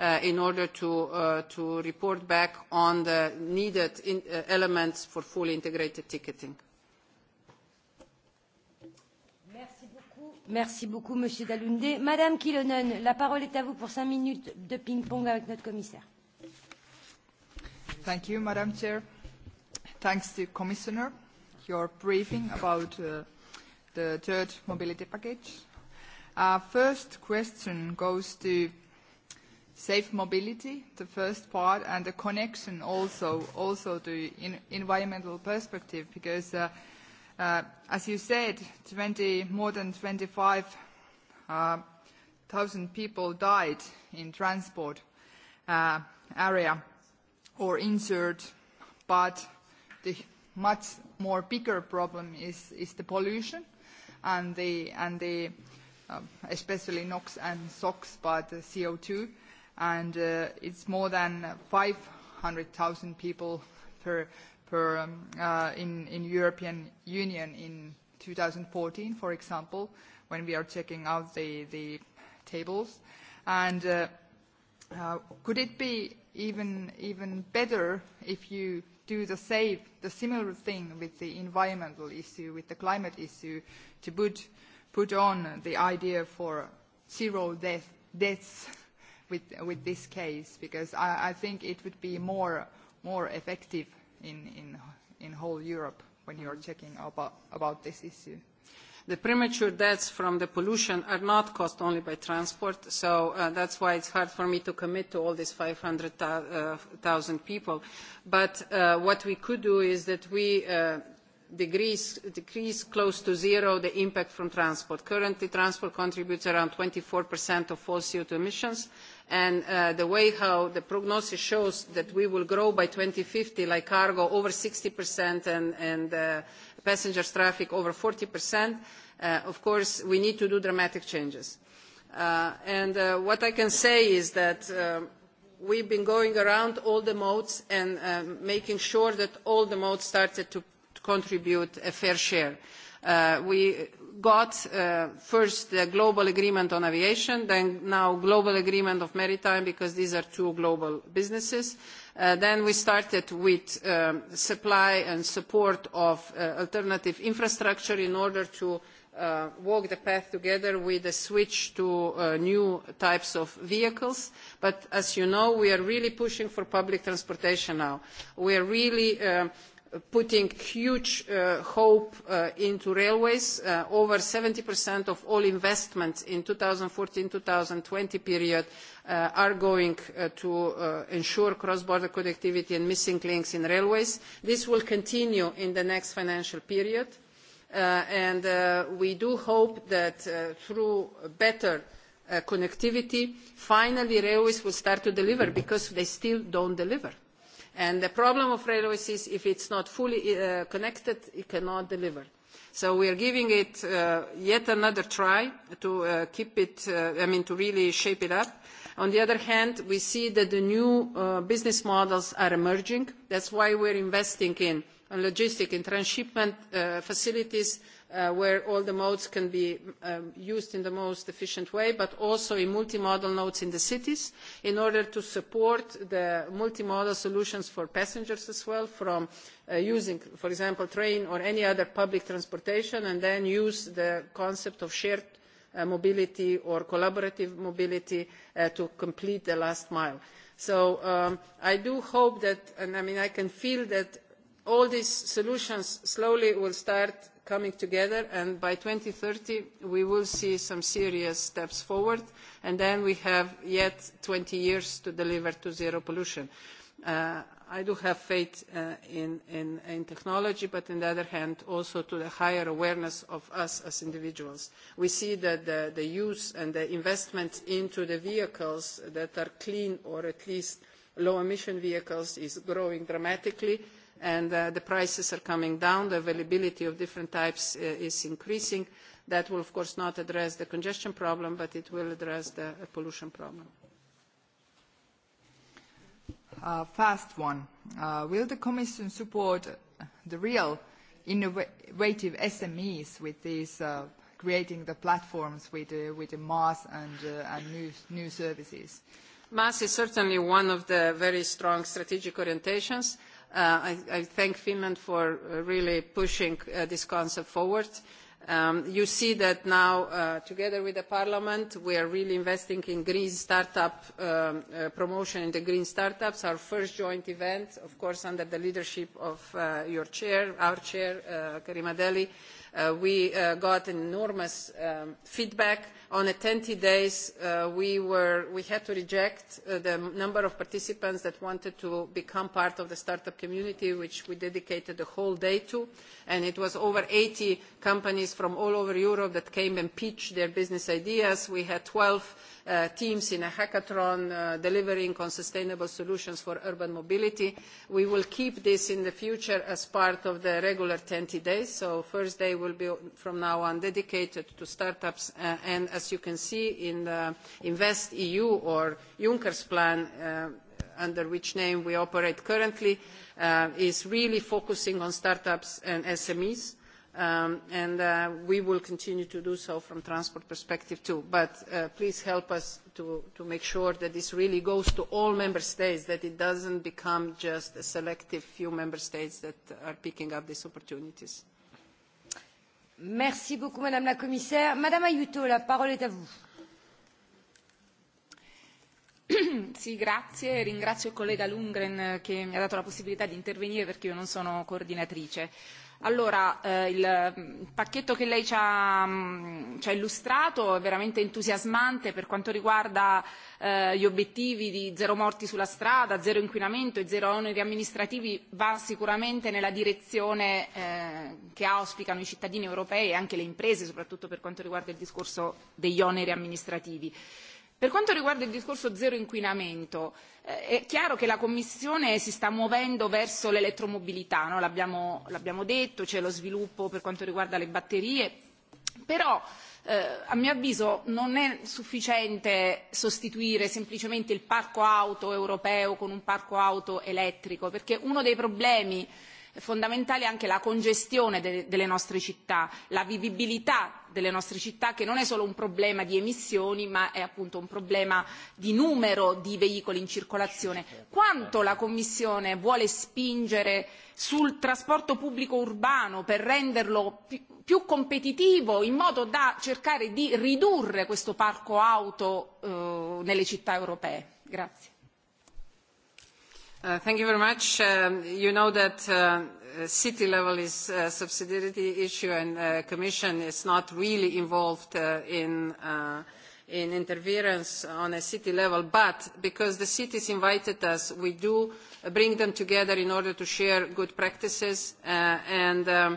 Uh, in order uh, to, report back on the needed uh, elements for fully integrated ticketing. Merci beaucoup, Monsieur Madame Kilonen, la parole est à vous pour cinq minutes de ping-pong avec notre commissaire. Thank you, Madam Chair. Thanks to Commissioner, your briefing about the third mobility package. first question goes to safe mobility, the first part, and the connection also, also to in environmental perspective, because uh, uh, as you said, 20, more than 25,000 uh, people died in transport uh, area or injured, but the much more bigger problem is, is the pollution and the, and the um, especially NOx and SOx, but the CO2 and uh, it's more than 500,000 people per, per, um, uh, in, in European Union in 2014, for example, when we are checking out the, the tables. And uh, uh, could it be even, even better if you do the same, the similar thing with the environmental issue, with the climate issue, to put, put on the idea for zero death, deaths with, with this case because I, I think it would be more, more effective in, in, in whole Europe when you are checking about, about this issue. The premature deaths from the pollution are not caused only by transport, so uh, that's why it's hard for me to commit to all these 500,000 uh, people. But uh, what we could do is that we uh, decrease close to zero the impact from transport. Currently, transport contributes around 24% of all CO2 emissions, and uh, the way how the prognosis shows that we will grow by 2050, like cargo, over 60% and, and uh, traffic over 40%, uh, of course, we need to do dramatic changes. And what I can say is that we've been going around all the modes and um, making sure that all the modes started to contribute a fair share. Uh, we got uh, first the global agreement on aviation, then now global agreement of maritime, because these are two global businesses. Uh, then we started with um, supply and support of uh, alternative infrastructure in order to Uh, walk the path together with a switch to uh, new types of vehicles. But as you know, we are really pushing for public transportation now. We are really uh, putting huge uh, hope uh, into railways. Uh, over 70% of all investments in 2014-2020 period uh, are going uh, to uh, ensure cross-border connectivity and missing links in railways. This will continue in the next financial period. and we do hope that through better connectivity, finally railways will start to deliver because they still don't deliver. And the problem of railways is if it's not fully uh, connected, it cannot deliver. So we are giving it uh, yet another try to uh, keep it, I mean, to really shape it up. On the other hand, we see that the new business models are emerging. That's why we are investing in logistics and transshipment facilities, Uh, where all the modes can be um, used in the most efficient way, but also in multimodal nodes in the cities in order to support the multimodal solutions for passengers as well from uh, using, for example, train or any other public transportation and then use the concept of shared uh, mobility or collaborative mobility uh, to complete the last mile. So um, I do hope that, and I mean I can feel that all these solutions slowly will start coming together and by 2030 we will see some serious steps forward and then we have yet 20 years to deliver to zero pollution. Uh, I do have faith uh, in, in, in technology, but on the other hand, also to the higher awareness of us as individuals. We see that the, the use and the investment into the vehicles that are clean or at least low-emission vehicles is growing dramatically and uh, the prices are coming down, the availability of different types uh, is increasing. That will, of course, not address the congestion problem, but it will address the uh, pollution problem. Uh, fast one. Uh, will the Commission support the real innovative SMEs with these uh, creating the platforms with, uh, with the mass and, uh, and new, new services? Mass is certainly one of the very strong strategic orientations Uh, I, thank Finland for uh, really pushing uh, this concept forward. Um, you see that now, together with the parliament, we are really investing in green startup um, promotion in the green startups, our first joint event, of course, under the leadership of your chair, our chair, Karima Delli Uh, we uh, got enormous um, feedback. On 20 days, uh, we, were, we had to reject uh, the number of participants that wanted to become part of the startup community, which we dedicated the whole day to. And it was over 80 companies from all over Europe that came and pitched their business ideas. We had 12 Uh, teams in a hackathon uh, delivering on sustainable solutions for urban mobility. We will keep this in the future as part of the regular 20 days. So first day will be from now on dedicated to startups. Uh, and as you can see in the Invest EU or Juncker's plan, uh, under which name we operate currently, uh, is really focusing on startups and SMEs Um, and uh, we will continue to do so from transport perspective too. But uh, please help us to make sure that this really goes to all member states, that it doesn't become just a selective few member states that are picking up these opportunities. Merci beaucoup, Madame la Commissaire. Madame Aiuto, la parole est à vous. Sì, grazie. Ringrazio il collega Lundgren eh, che mi ha dato la possibilità di intervenire perché io non sono coordinatrice Allora, eh, il mm, pacchetto che lei ci ha, mh, mm, ci ha illustrato è veramente entusiasmante per quanto riguarda eh, gli obiettivi di zero morti sulla strada, zero inquinamento e zero oneri amministrativi, va sicuramente nella direzione eh, che auspicano i cittadini europei e anche le imprese, soprattutto per quanto riguarda il discorso degli oneri amministrativi. Per quanto riguarda il discorso zero inquinamento, eh, è chiaro che la Commissione si sta muovendo verso l'elettromobilità, no? l'abbiamo, l'abbiamo detto, c'è lo sviluppo per quanto riguarda le batterie, però eh, a mio avviso non è sufficiente sostituire semplicemente il parco auto europeo con un parco auto elettrico, perché uno dei problemi eh, fondamentale anche la congestione de- delle nostre città, la vivibilità delle nostre città che non è solo un problema di emissioni ma è appunto un problema di numero di veicoli in circolazione. Quanto la Commissione vuole spingere sul trasporto pubblico urbano per renderlo più, più competitivo in modo da cercare di ridurre questo parco auto eh, nelle città europee? Grazie. Uh, thank you very much. Um, you know that uh, city level is a subsidiarity issue and uh, Commission is not really involved uh, in uh, in interference on a city level, but because the cities invited us, we do bring them together in order to share good practices. Uh, and um,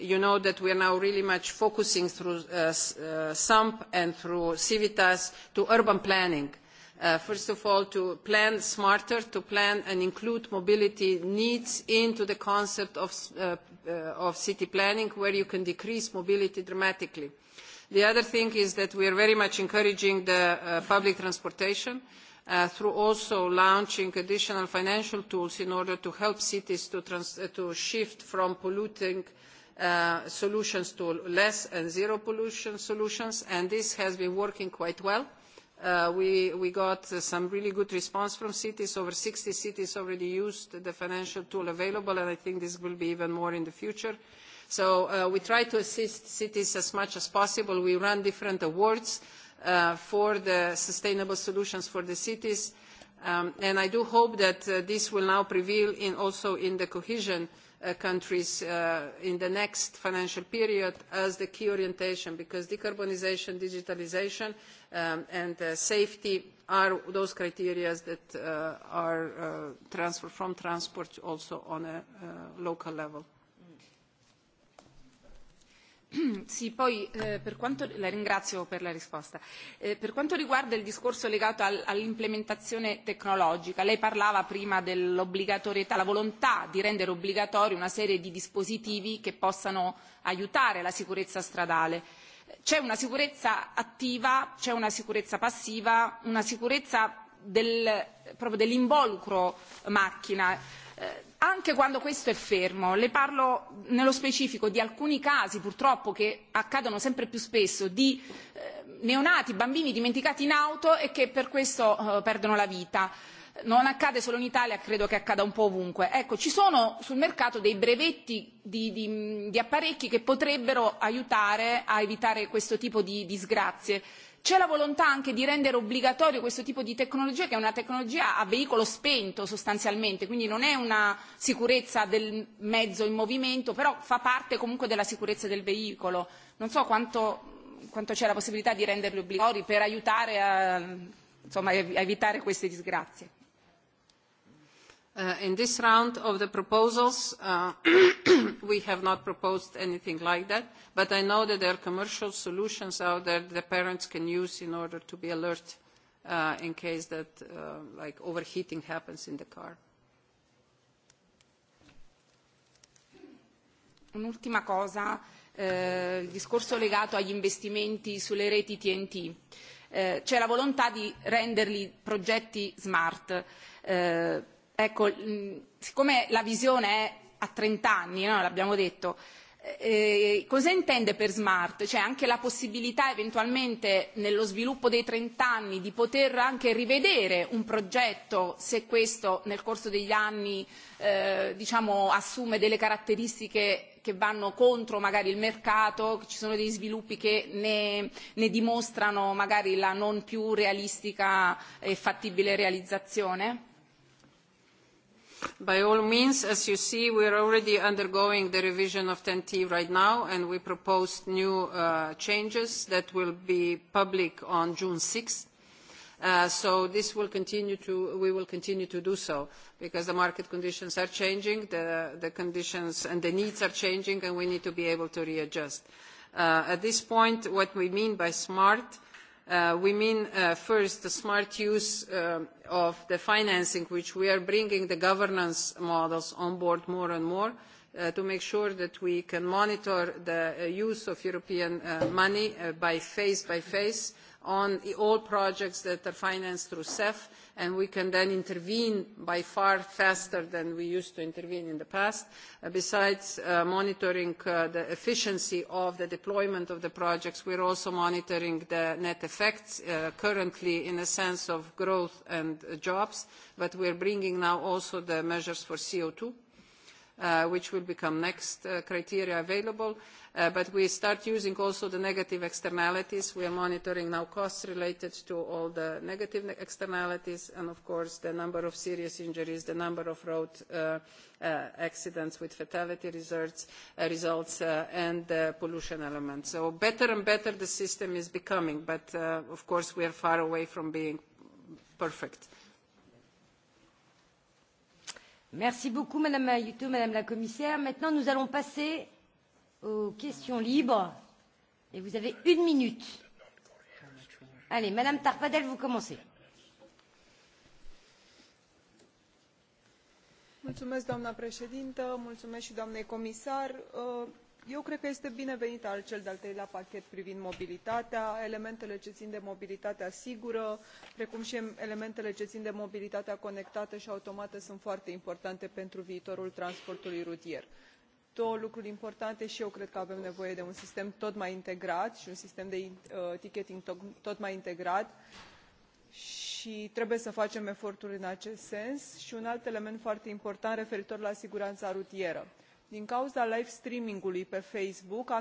you know that we are now really much focusing through uh, uh, SUMP and through Civitas to urban planning. Uh, Uh, first of all, to plan smarter, to plan and include mobility needs into the concept of, uh, uh, of city planning, where you can decrease mobility dramatically. The other thing is that we are very much encouraging the uh, public transportation uh, through also launching additional financial tools in order to help cities to, to shift from polluting Uh, solutions to less and zero pollution solutions, and this has been working quite well. Uh, we, got uh, some really good response from cities. Over 60 cities already used the financial tool available, and I think this will be even more in the future. So uh, we try to assist cities as much as possible. We run different awards for the sustainable solutions for the cities. Um, and I do hope that this will now prevail also in the cohesion countries in the next financial period as the key orientation because decarbonisation, digitalisation um, and uh, safety are those criteria that uh, are uh, transferred from transport also on a uh, local level. Sì, poi eh, per quanto, la ringrazio per la risposta. Eh, per quanto riguarda il discorso legato al, all'implementazione tecnologica, lei parlava prima dell'obbligatorietà, la volontà di rendere obbligatori una serie di dispositivi che possano aiutare la sicurezza stradale c'è una sicurezza attiva, c'è una sicurezza passiva, una sicurezza del, proprio dell'involucro macchina. Eh, anche quando questo è fermo, le parlo nello specifico di alcuni casi purtroppo che accadono sempre più spesso di eh, neonati, bambini dimenticati in auto e che per questo eh, perdono la vita Eh, non accade solo in Italia, credo che accada un po' ovunque. Ecco, ci sono sul mercato dei brevetti di, di, di apparecchi che potrebbero aiutare a evitare questo tipo di disgrazie. C'è la volontà anche di rendere obbligatorio questo tipo di tecnologia, che è una tecnologia a veicolo spento sostanzialmente, quindi non è una sicurezza del mezzo in movimento, però fa parte comunque della sicurezza del veicolo. Non so quanto, quanto c'è la possibilità di renderli obbligatori per aiutare a, insomma, a evitare queste disgrazie. Uh, in this round of the proposals, uh, we have not proposed anything like that, but I know that there are commercial solutions out there that parents can use in order to be alert uh, in case that uh, like overheating happens in the car. Un'ultima cosa, eh, il discorso legato agli investimenti sulle reti TNT. Eh, C'è la volontà di renderli progetti smart. Eh, Ecco, siccome la visione è a 30 anni, no? l'abbiamo detto, eh, eh, cosa intende per smart? Cioè anche la possibilità eventualmente nello sviluppo dei 30 anni di poter anche rivedere un progetto se questo nel corso degli anni eh, diciamo, assume delle caratteristiche che vanno contro magari il mercato, ci sono dei sviluppi che ne, ne dimostrano magari la non più realistica e fattibile realizzazione? By all means, as you see, we are already undergoing the revision of TEN-T right now, and we proposed new uh, changes that will be public on June 6th. Uh, so this will continue to, we will continue to do so because the market conditions are changing, the, the conditions and the needs are changing, and we need to be able to readjust. Uh, at this point, what we mean by smart Uh, we mean uh, first the smart use uh, of the financing, which we are bringing the governance models on board more and more. Uh, to make sure that we can monitor the uh, use of European uh, money by phase by phase on all projects that are financed through CEF, and we can then intervene by far faster than we used to intervene in the past, besides monitoring the efficiency of the deployment of the projects. we are also monitoring the net effects currently in a sense of growth and jobs, but we are bringing now also the measures for co Uh, which will become next uh, criteria available. Uh, but we start using also the negative externalities. We are monitoring now costs related to all the negative externalities and, of course, the number of serious injuries, the number of road accidents with fatality results, results and the pollution element. So better and better the system is becoming, but, of course, we are far away from being perfect. Merci beaucoup, Madame Ayuto, Madame la Commissaire. Maintenant, nous allons passer aux questions libres. Et vous avez une minute. Allez, Madame Tarpadel, vous commencez. Mulțumesc, președintă, mulțumesc și doamnei comisar eu cred că este binevenit cel de al treilea pachet privind mobilitatea elementele ce țin de mobilitatea sigură precum și elementele ce țin de mobilitatea conectată și automată sunt foarte importante pentru viitorul transportului rutier două lucruri importante și eu cred că avem nevoie de un sistem tot mai integrat și un sistem de uh, ticketing tot, tot mai integrat și trebuie să facem eforturi în acest sens și un alt element foarte important referitor la siguranța rutieră din cauza live streaming ului pe facebook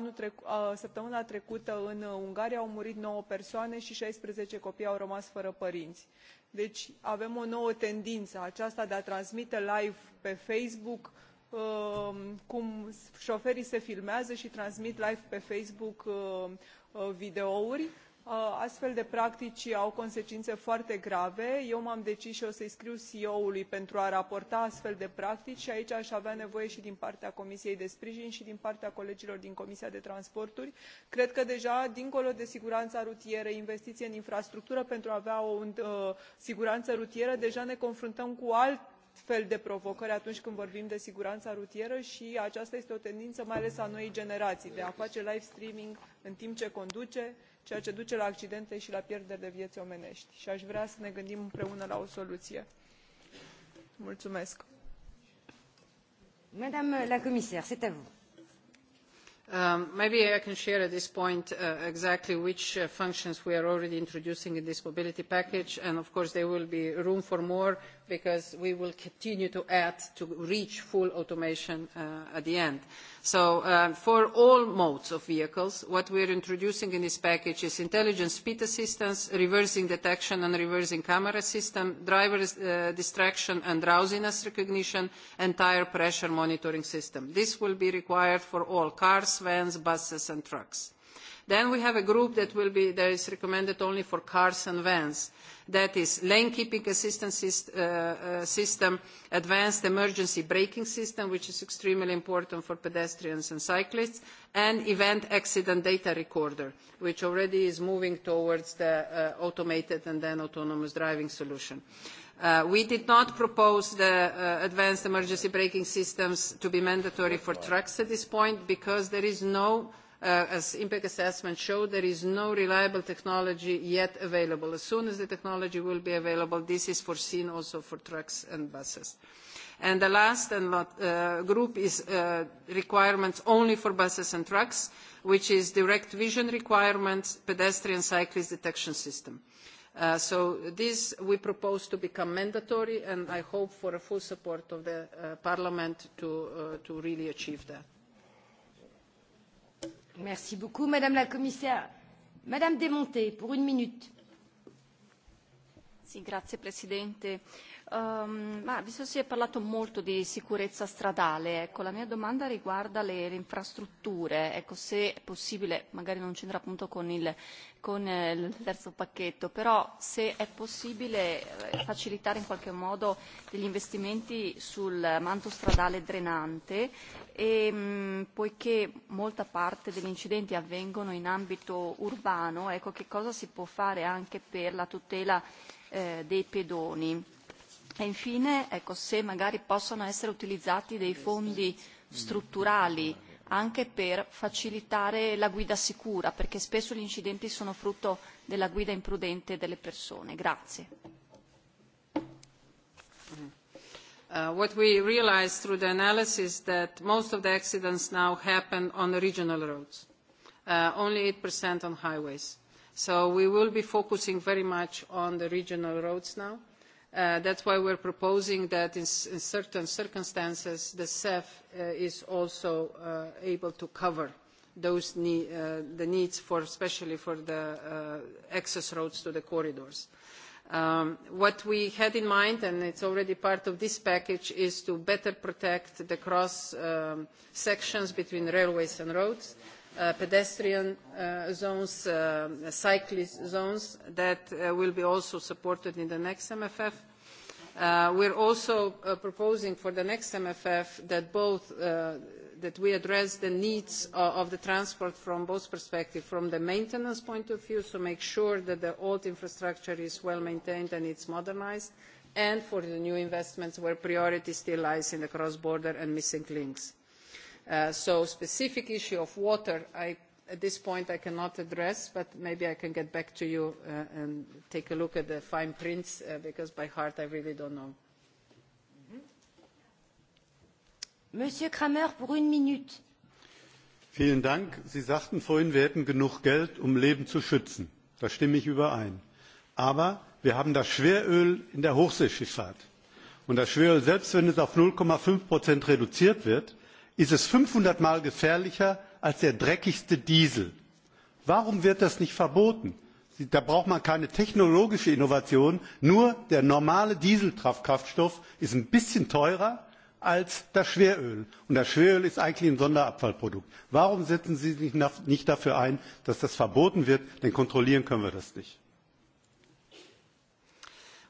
săptămâna trecută în ungaria au murit nouă persoane și șaisprezece copii au rămas fără părinți. deci avem o nouă tendință aceasta de a transmite live pe facebook um, cum șoferii se filmează și transmit live pe facebook um, uh, videouri Uh, astfel de practici au consecințe foarte grave eu m am decis și o să i scriu ceo ului pentru a raporta astfel de practici și aici aș avea nevoie și din partea comisiei de sprijin și din partea colegilor din comisia pentru transporturi. și cred că deja dincolo de siguranța rutieră investiții în infrastructură pentru a avea o uh, siguranță rutieră deja ne confruntăm cu alt fel de provocări atunci când vorbim de siguranța rutieră și aceasta este o tendință mai ales a noii generații de a face live streaming în timp ce conduce ceea ce duce la accidente i la pierderi de viei omeneti i a vrea să ne gândim împreună la o soluie. Um, maybe I can share at this point uh, exactly which uh, functions we are already introducing in this mobility package, and of course there will be room for more because we will continue to add to reach full automation uh, at the end. So uh, for all modes of vehicles, what we are introducing in this package is intelligent speed assistance, reversing detection and reversing camera system, driver uh, distraction and drowsiness recognition, and tire pressure monitoring system. This will be required for all cars, vans, buses, and trucks. Then we have a group that that is recommended only for cars and vans that is lane keeping assistance uh, uh, system, advanced emergency braking system, which is extremely important for pedestrians and cyclists, and event accident data recorder, which is already moving towards the uh, automated and then autonomous driving solution. we did not propose the advanced emergency braking systems to be mandatory for trucks at this point because there is no Uh, as impact assessments show, there is no reliable technology yet available. As soon as the technology will be available, this is foreseen also for trucks and buses. And the last and uh, group is uh, requirements only for buses and trucks, which is direct vision requirements, pedestrian cyclist detection system. so this we propose to become mandatory, and I hope for a full support of the Parliament to, to really achieve that. Merci beaucoup, Madame la Madame Desmonté, pour une minute. Sì, Um, ma visto che si è parlato molto di sicurezza stradale, ecco, la mia domanda riguarda le, le infrastrutture, ecco, se è possibile, magari non c'entra appunto con il, con eh, il terzo pacchetto, però se è possibile eh, facilitare in qualche modo degli investimenti sul manto stradale drenante, e, mh, mm, poiché molta parte degli incidenti avvengono in ambito urbano, ecco, che cosa si può fare anche per la tutela eh, dei pedoni? E infine, ecco, se magari possono essere utilizzati dei fondi strutturali anche per facilitare la guida sicura, perché spesso gli incidenti sono frutto della guida imprudente delle persone. Grazie. Uh, what we realised through the analysis that most of the accidents now happen on the regional roads, uh, only 8% on highways. So we will be focusing very much on the regional roads now Uh, that's why we're proposing that in, certain circumstances, the CEF uh, is also uh, able to cover those the needs for, especially for the access roads to the corridors. Um, what we had in mind, and it's already part of this package, is to better protect the cross um, sections between railways and roads Uh, pedestrian uh, zones, uh, cyclist zones that uh, will be also supported in the next MFF. Uh, we're also uh, proposing for the next MFF that both uh, that we address the needs uh, of the transport from both perspectives, from the maintenance point of view, so make sure that the old infrastructure is well maintained and it's modernized, and for the new investments where priority still lies in the cross-border and missing links. Uh, so the specific issue of water, at this point I cannot address, but maybe I can get back to you uh, and take a look at the fine print uh, because by heart I really don't know. Mm-hmm. Monsieur Kramer, pour une minute. Vielen Dank. Sie sagten vorhin, wir hätten genug Geld, um Leben zu schützen. Da stimme ich überein. Aber wir haben das Schweröl in der Hochseeschifffahrt. Und das Schweröl, selbst wenn es auf 0,5 Prozent reduziert wird, ist es fünfhundert Mal gefährlicher als der dreckigste Diesel. Warum wird das nicht verboten? Da braucht man keine technologische Innovation. Nur der normale Dieselkraftstoff ist ein bisschen teurer als das Schweröl. Und das Schweröl ist eigentlich ein Sonderabfallprodukt. Warum setzen Sie sich nicht dafür ein, dass das verboten wird? Denn kontrollieren können wir das nicht.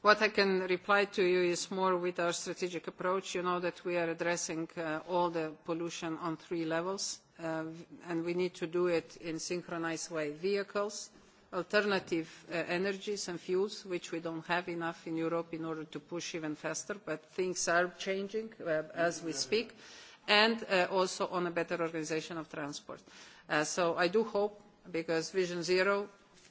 What I can reply to you is more with our strategic approach. You know that we are addressing uh, all the pollution on three levels, uh, and we need to do it in a synchronised way. Vehicles, alternative uh, energies and fuels, which we do not have enough in Europe in order to push even faster, but things are changing as we speak, and also on a better organisation of transport. so I do hope, because Vision Zero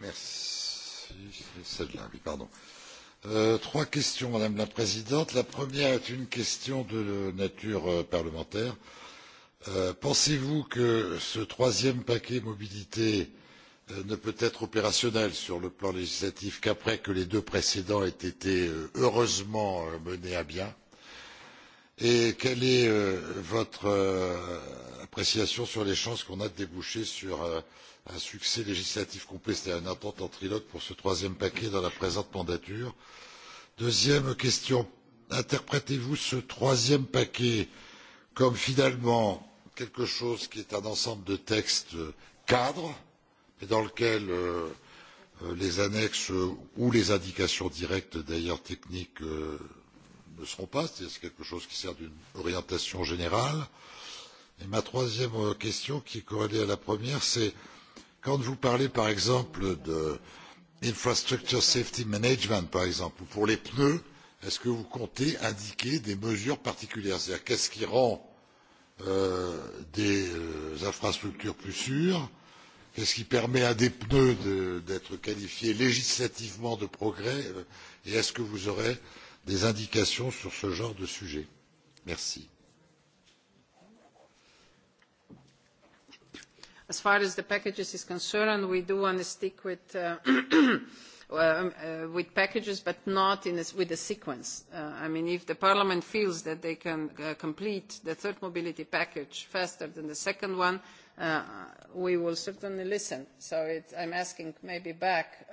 Merci. C'est celle-là, oui, pardon. Euh, trois questions, Madame la Présidente. La première est une question de nature euh, parlementaire. Euh, Pensez-vous que ce troisième paquet mobilité euh, ne peut être opérationnel sur le plan législatif qu'après que les deux précédents aient été euh, heureusement euh, menés à bien Et quelle est euh, votre euh, appréciation sur les chances qu'on a de déboucher sur euh, un succès législatif complet et un important trilogue pour ce troisième paquet dans la présente mandature. Deuxième question, interprétez-vous ce troisième paquet comme finalement quelque chose qui est un ensemble de textes euh, cadres, mais dans lequel euh, euh les annexes euh, ou les indications directes d'ailleurs techniques euh, ne seront pas, c'est-à-dire quelque chose qui sert d'une orientation générale. Et ma troisième question, qui est corrélée à la première, c'est euh, quand vous parlez par exemple de infrastructure safety management par exemple ou pour les pneus est ce que vous comptez indiquer des mesures particulières c'est à dire qu'est ce qui rend euh, des euh, infrastructures plus sûres qu'est ce qui permet à des pneus d'être qualifiés législativement de progrès et est ce que vous aurez des indications sur ce genre de sujet? merci. As far as the packages is concerned, we do want to stick with, uh, uh, um, uh, with packages, but not in a, with a sequence. Uh, I mean, if the Parliament feels that they can complete the third mobility package faster than the second one, we will certainly listen. So it, I'm asking maybe back,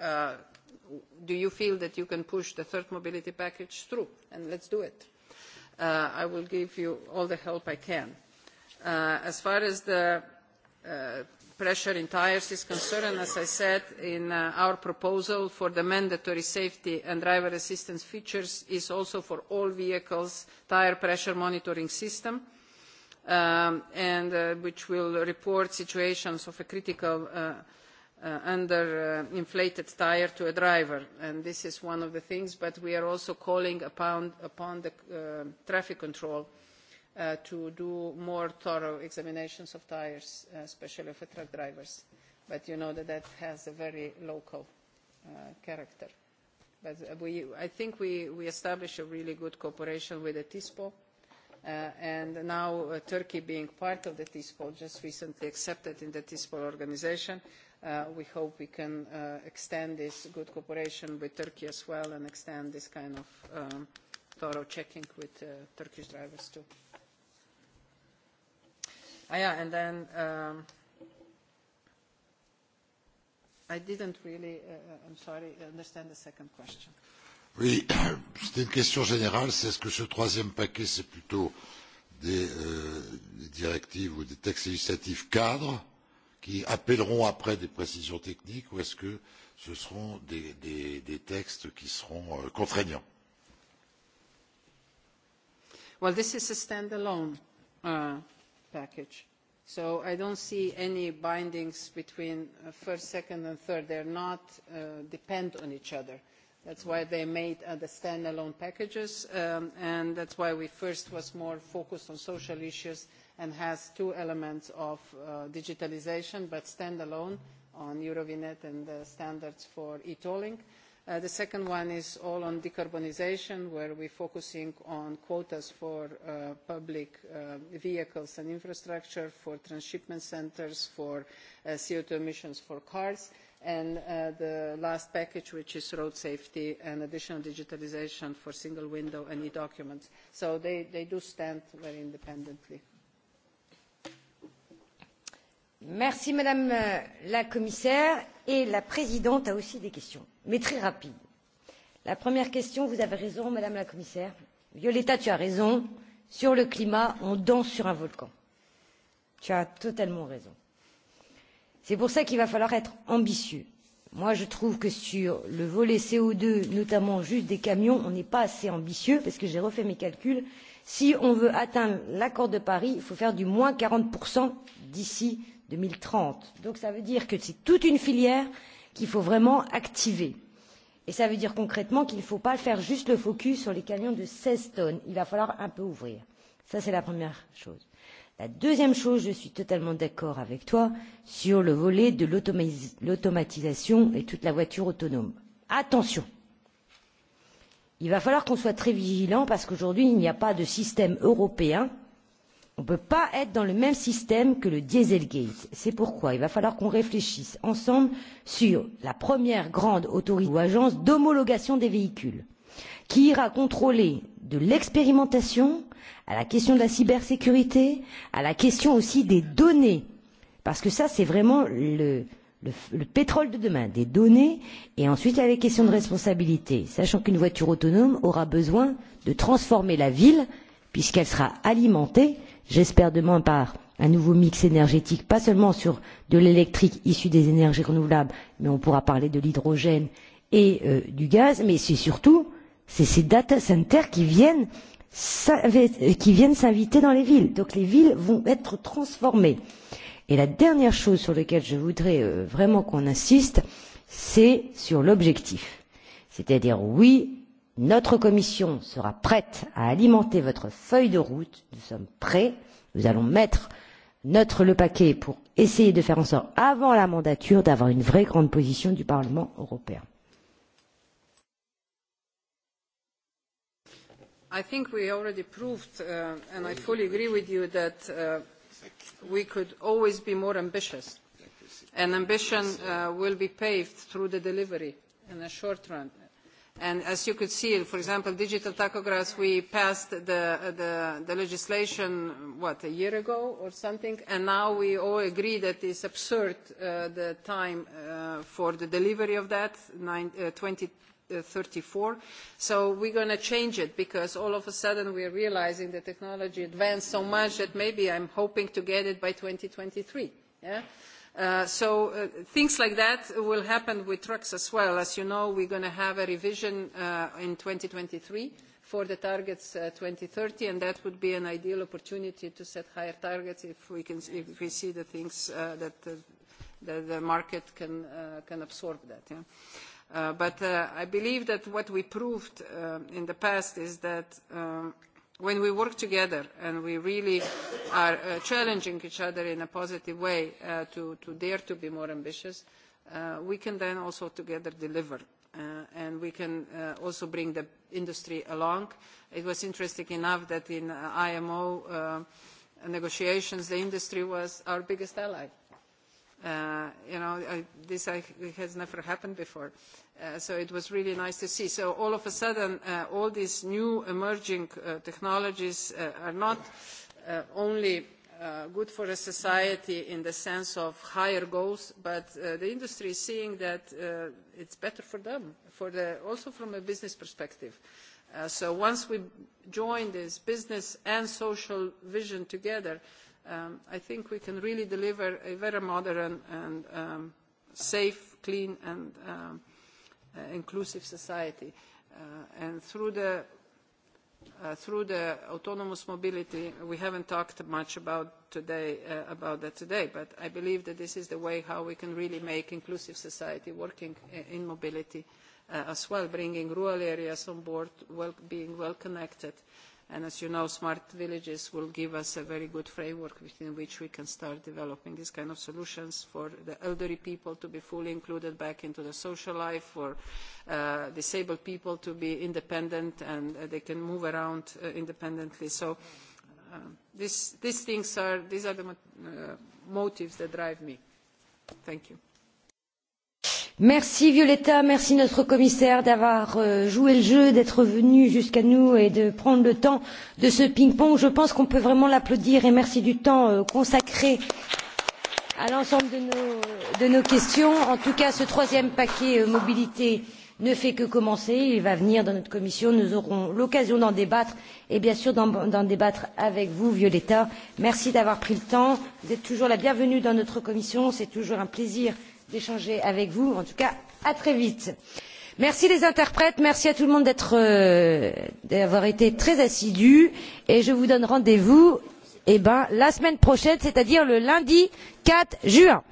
do you feel that you can push the third mobility package through? And let's do it. I will give you all the help I can. As far as the Uh, pressure in tyres is concerned, as I said, in uh, our proposal for the mandatory safety and driver assistance features is also for all vehicles tyre pressure monitoring system, um, and uh, which will report situations of a critical under inflated tyre to a driver. And this is one of the things, but we are also calling upon, the traffic control Uh, to do more thorough examinations of tyres, uh, especially for truck drivers. But you know that that has a very local uh, character. But we, I think we, we established a really good cooperation with the TISPO, uh, and now uh, Turkey being part of the TISPO, just recently accepted in the TISPO organization, uh, we hope we can uh, extend this good cooperation with Turkey as well and extend this kind of um, thorough checking with uh, Turkish drivers too. Ah, yeah, and then um, I didn't really, uh, uh I'm sorry, understand the second question. Oui, c'était une question générale. C'est ce que ce troisième paquet, c'est plutôt des, euh, des directives ou des textes législatifs cadres qui appelleront après des précisions techniques ou est-ce que ce seront des, des, des textes qui seront euh, contraignants Well, this is a standalone uh, package. So I don't see any bindings between uh, first, second and third. They're not uh, depend on each other. That's why they made uh, the standalone packages um, and that's why we first was more focused on social issues and has two elements of uh, digitalization but standalone on Eurovinet and the standards for e-tolling. Uh, the second one is all on decarbonisation, where we're focusing on quotas for uh, public uh, vehicles and infrastructure, for transshipment centres, for CO2 emissions for cars, and the last package, which is road safety and additional digitalisation for single window and e-documents. So they do stand very independently. Merci Madame euh, la Commissaire et la Présidente a aussi des questions, mais très rapides. La première question, vous avez raison Madame la Commissaire. violeta tu as raison. Sur le climat, on danse sur un volcan. Tu as totalement raison. C'est pour cela qu'il va falloir être ambitieux. Moi, je trouve que sur le volet co deux notamment juste des camions, on n'est pas assez ambitieux parce que j'ai refait mes calculs. Si on veut atteindre l'accord de Paris, il faut faire du moins quarante d'ici deux mille trente donc cela veut dire que c'est toute une filière qu'il faut vraiment activer et cela veut dire concrètement qu'il ne faut pas faire juste le focus sur les camions de seize tonnes il va falloir un peu ouvrir ça c'est la première chose. la deuxième chose je suis totalement d'accord avec toi sur le volet de l'automatisation et toute la voiture autonome. attention il va falloir qu'on soit très vigilant parce qu'aujourd'hui il n'y a pas de système européen On ne peut pas être dans le même système que le Dieselgate. C'est pourquoi il va falloir qu'on réfléchisse ensemble sur la première grande autorité ou agence d'homologation des véhicules qui ira contrôler de l'expérimentation à la question de la cybersécurité, à la question aussi des données. Parce que ça, c'est vraiment le, le, le pétrole de demain, des données. Et ensuite, il y a les questions de responsabilité, sachant qu'une voiture autonome aura besoin de transformer la ville puisqu'elle sera alimentée j'espère demain par un nouveau mix énergétique, pas seulement sur de l'électrique issu des énergies renouvelables, mais on pourra parler de l'hydrogène et euh, du gaz, mais c'est surtout c'est ces data centers qui viennent qui viennent s'inviter dans les villes. Donc les villes vont être transformées. Et la dernière chose sur laquelle je voudrais euh, vraiment qu'on insiste, c'est sur l'objectif. C'est-à-dire, oui, Notre commission sera prête à alimenter votre feuille de route. Nous sommes prêts. Nous allons mettre notre le paquet pour essayer de faire en sorte, avant la mandature, d'avoir une vraie grande position du Parlement européen. I think we already proved, uh, and I fully agree with you, that uh, we could always be more ambitious. And ambition uh, will be paved through the delivery in the short run And as you could see, for example, digital tachographs, we passed the, the, the legislation, what, a year ago or something, and now we all agree that it's absurd uh, the time uh, for the delivery of that, nine, uh, 2034. Uh, so we're going to change it because all of a sudden we are realizing the technology advanced so much that maybe I'm hoping to get it by 2023. Yeah? Uh, so uh, things like that will happen with trucks as well. As you know, we're going to have a revision uh, in 2023 for the targets uh, 2030, and that would be an ideal opportunity to set higher targets if we, can, if we see the things uh, that uh, the, the market can, uh, can absorb that. Yeah? Uh, but uh, I believe that what we proved uh, in the past is that uh, when we work together and we really are uh, challenging each other in a positive way uh, to, to dare to be more ambitious, uh, we can then also together deliver. Uh, and we can uh, also bring the industry along. It was interesting enough that in uh, IMO uh, negotiations, the industry was our biggest ally. Uh, Uh, you know, I, this I, has never happened before. Uh, so it was really nice to see. So all of a sudden, uh, all these new emerging uh, technologies uh, are not uh, only good for a society in the sense of higher goals, but the industry is seeing that it's better for them, for the, also from a business perspective. so once we join this business and social vision together, uh, um, I think we can really deliver a very modern and um, safe, clean and um, uh, inclusive society. Uh, and through the, uh, through the autonomous mobility, we haven't talked much about, today, uh, about that today, but I believe that this is the way how we can really make inclusive society working uh, in mobility uh, as well, bringing rural areas on board, well, being well connected. And as you know, smart villages will give us a very good framework within which we can start developing these kinds of solutions for the elderly people to be fully included back into the social life, for uh, disabled people to be independent and uh, they can move around uh, independently. So these things are, these are the motives that drive me. Thank you. Merci violeta merci notre commissaire d'avoir euh, joué le jeu, d'être venu jusqu'à nous et de prendre le temps de ce ping-pong. Je pense qu'on peut vraiment l'applaudir et merci du temps euh, consacré à l'ensemble de nos, de nos questions. En tout cas, ce troisième paquet euh, mobilité ne fait que commencer. Il va venir dans notre commission. Nous aurons l'occasion d'en débattre et bien sûr d'en débattre avec vous, violeta. Merci d'avoir pris le temps. Vous êtes toujours la bienvenue dans notre commission. C'est toujours un plaisir euh, d'échanger avec vous. En tout cas, à très vite. Merci les interprètes, merci à tout le monde euh, d'avoir été très assidus et je vous donne rendez-vous eh la semaine prochaine, c'est-à-dire le lundi quatre juin.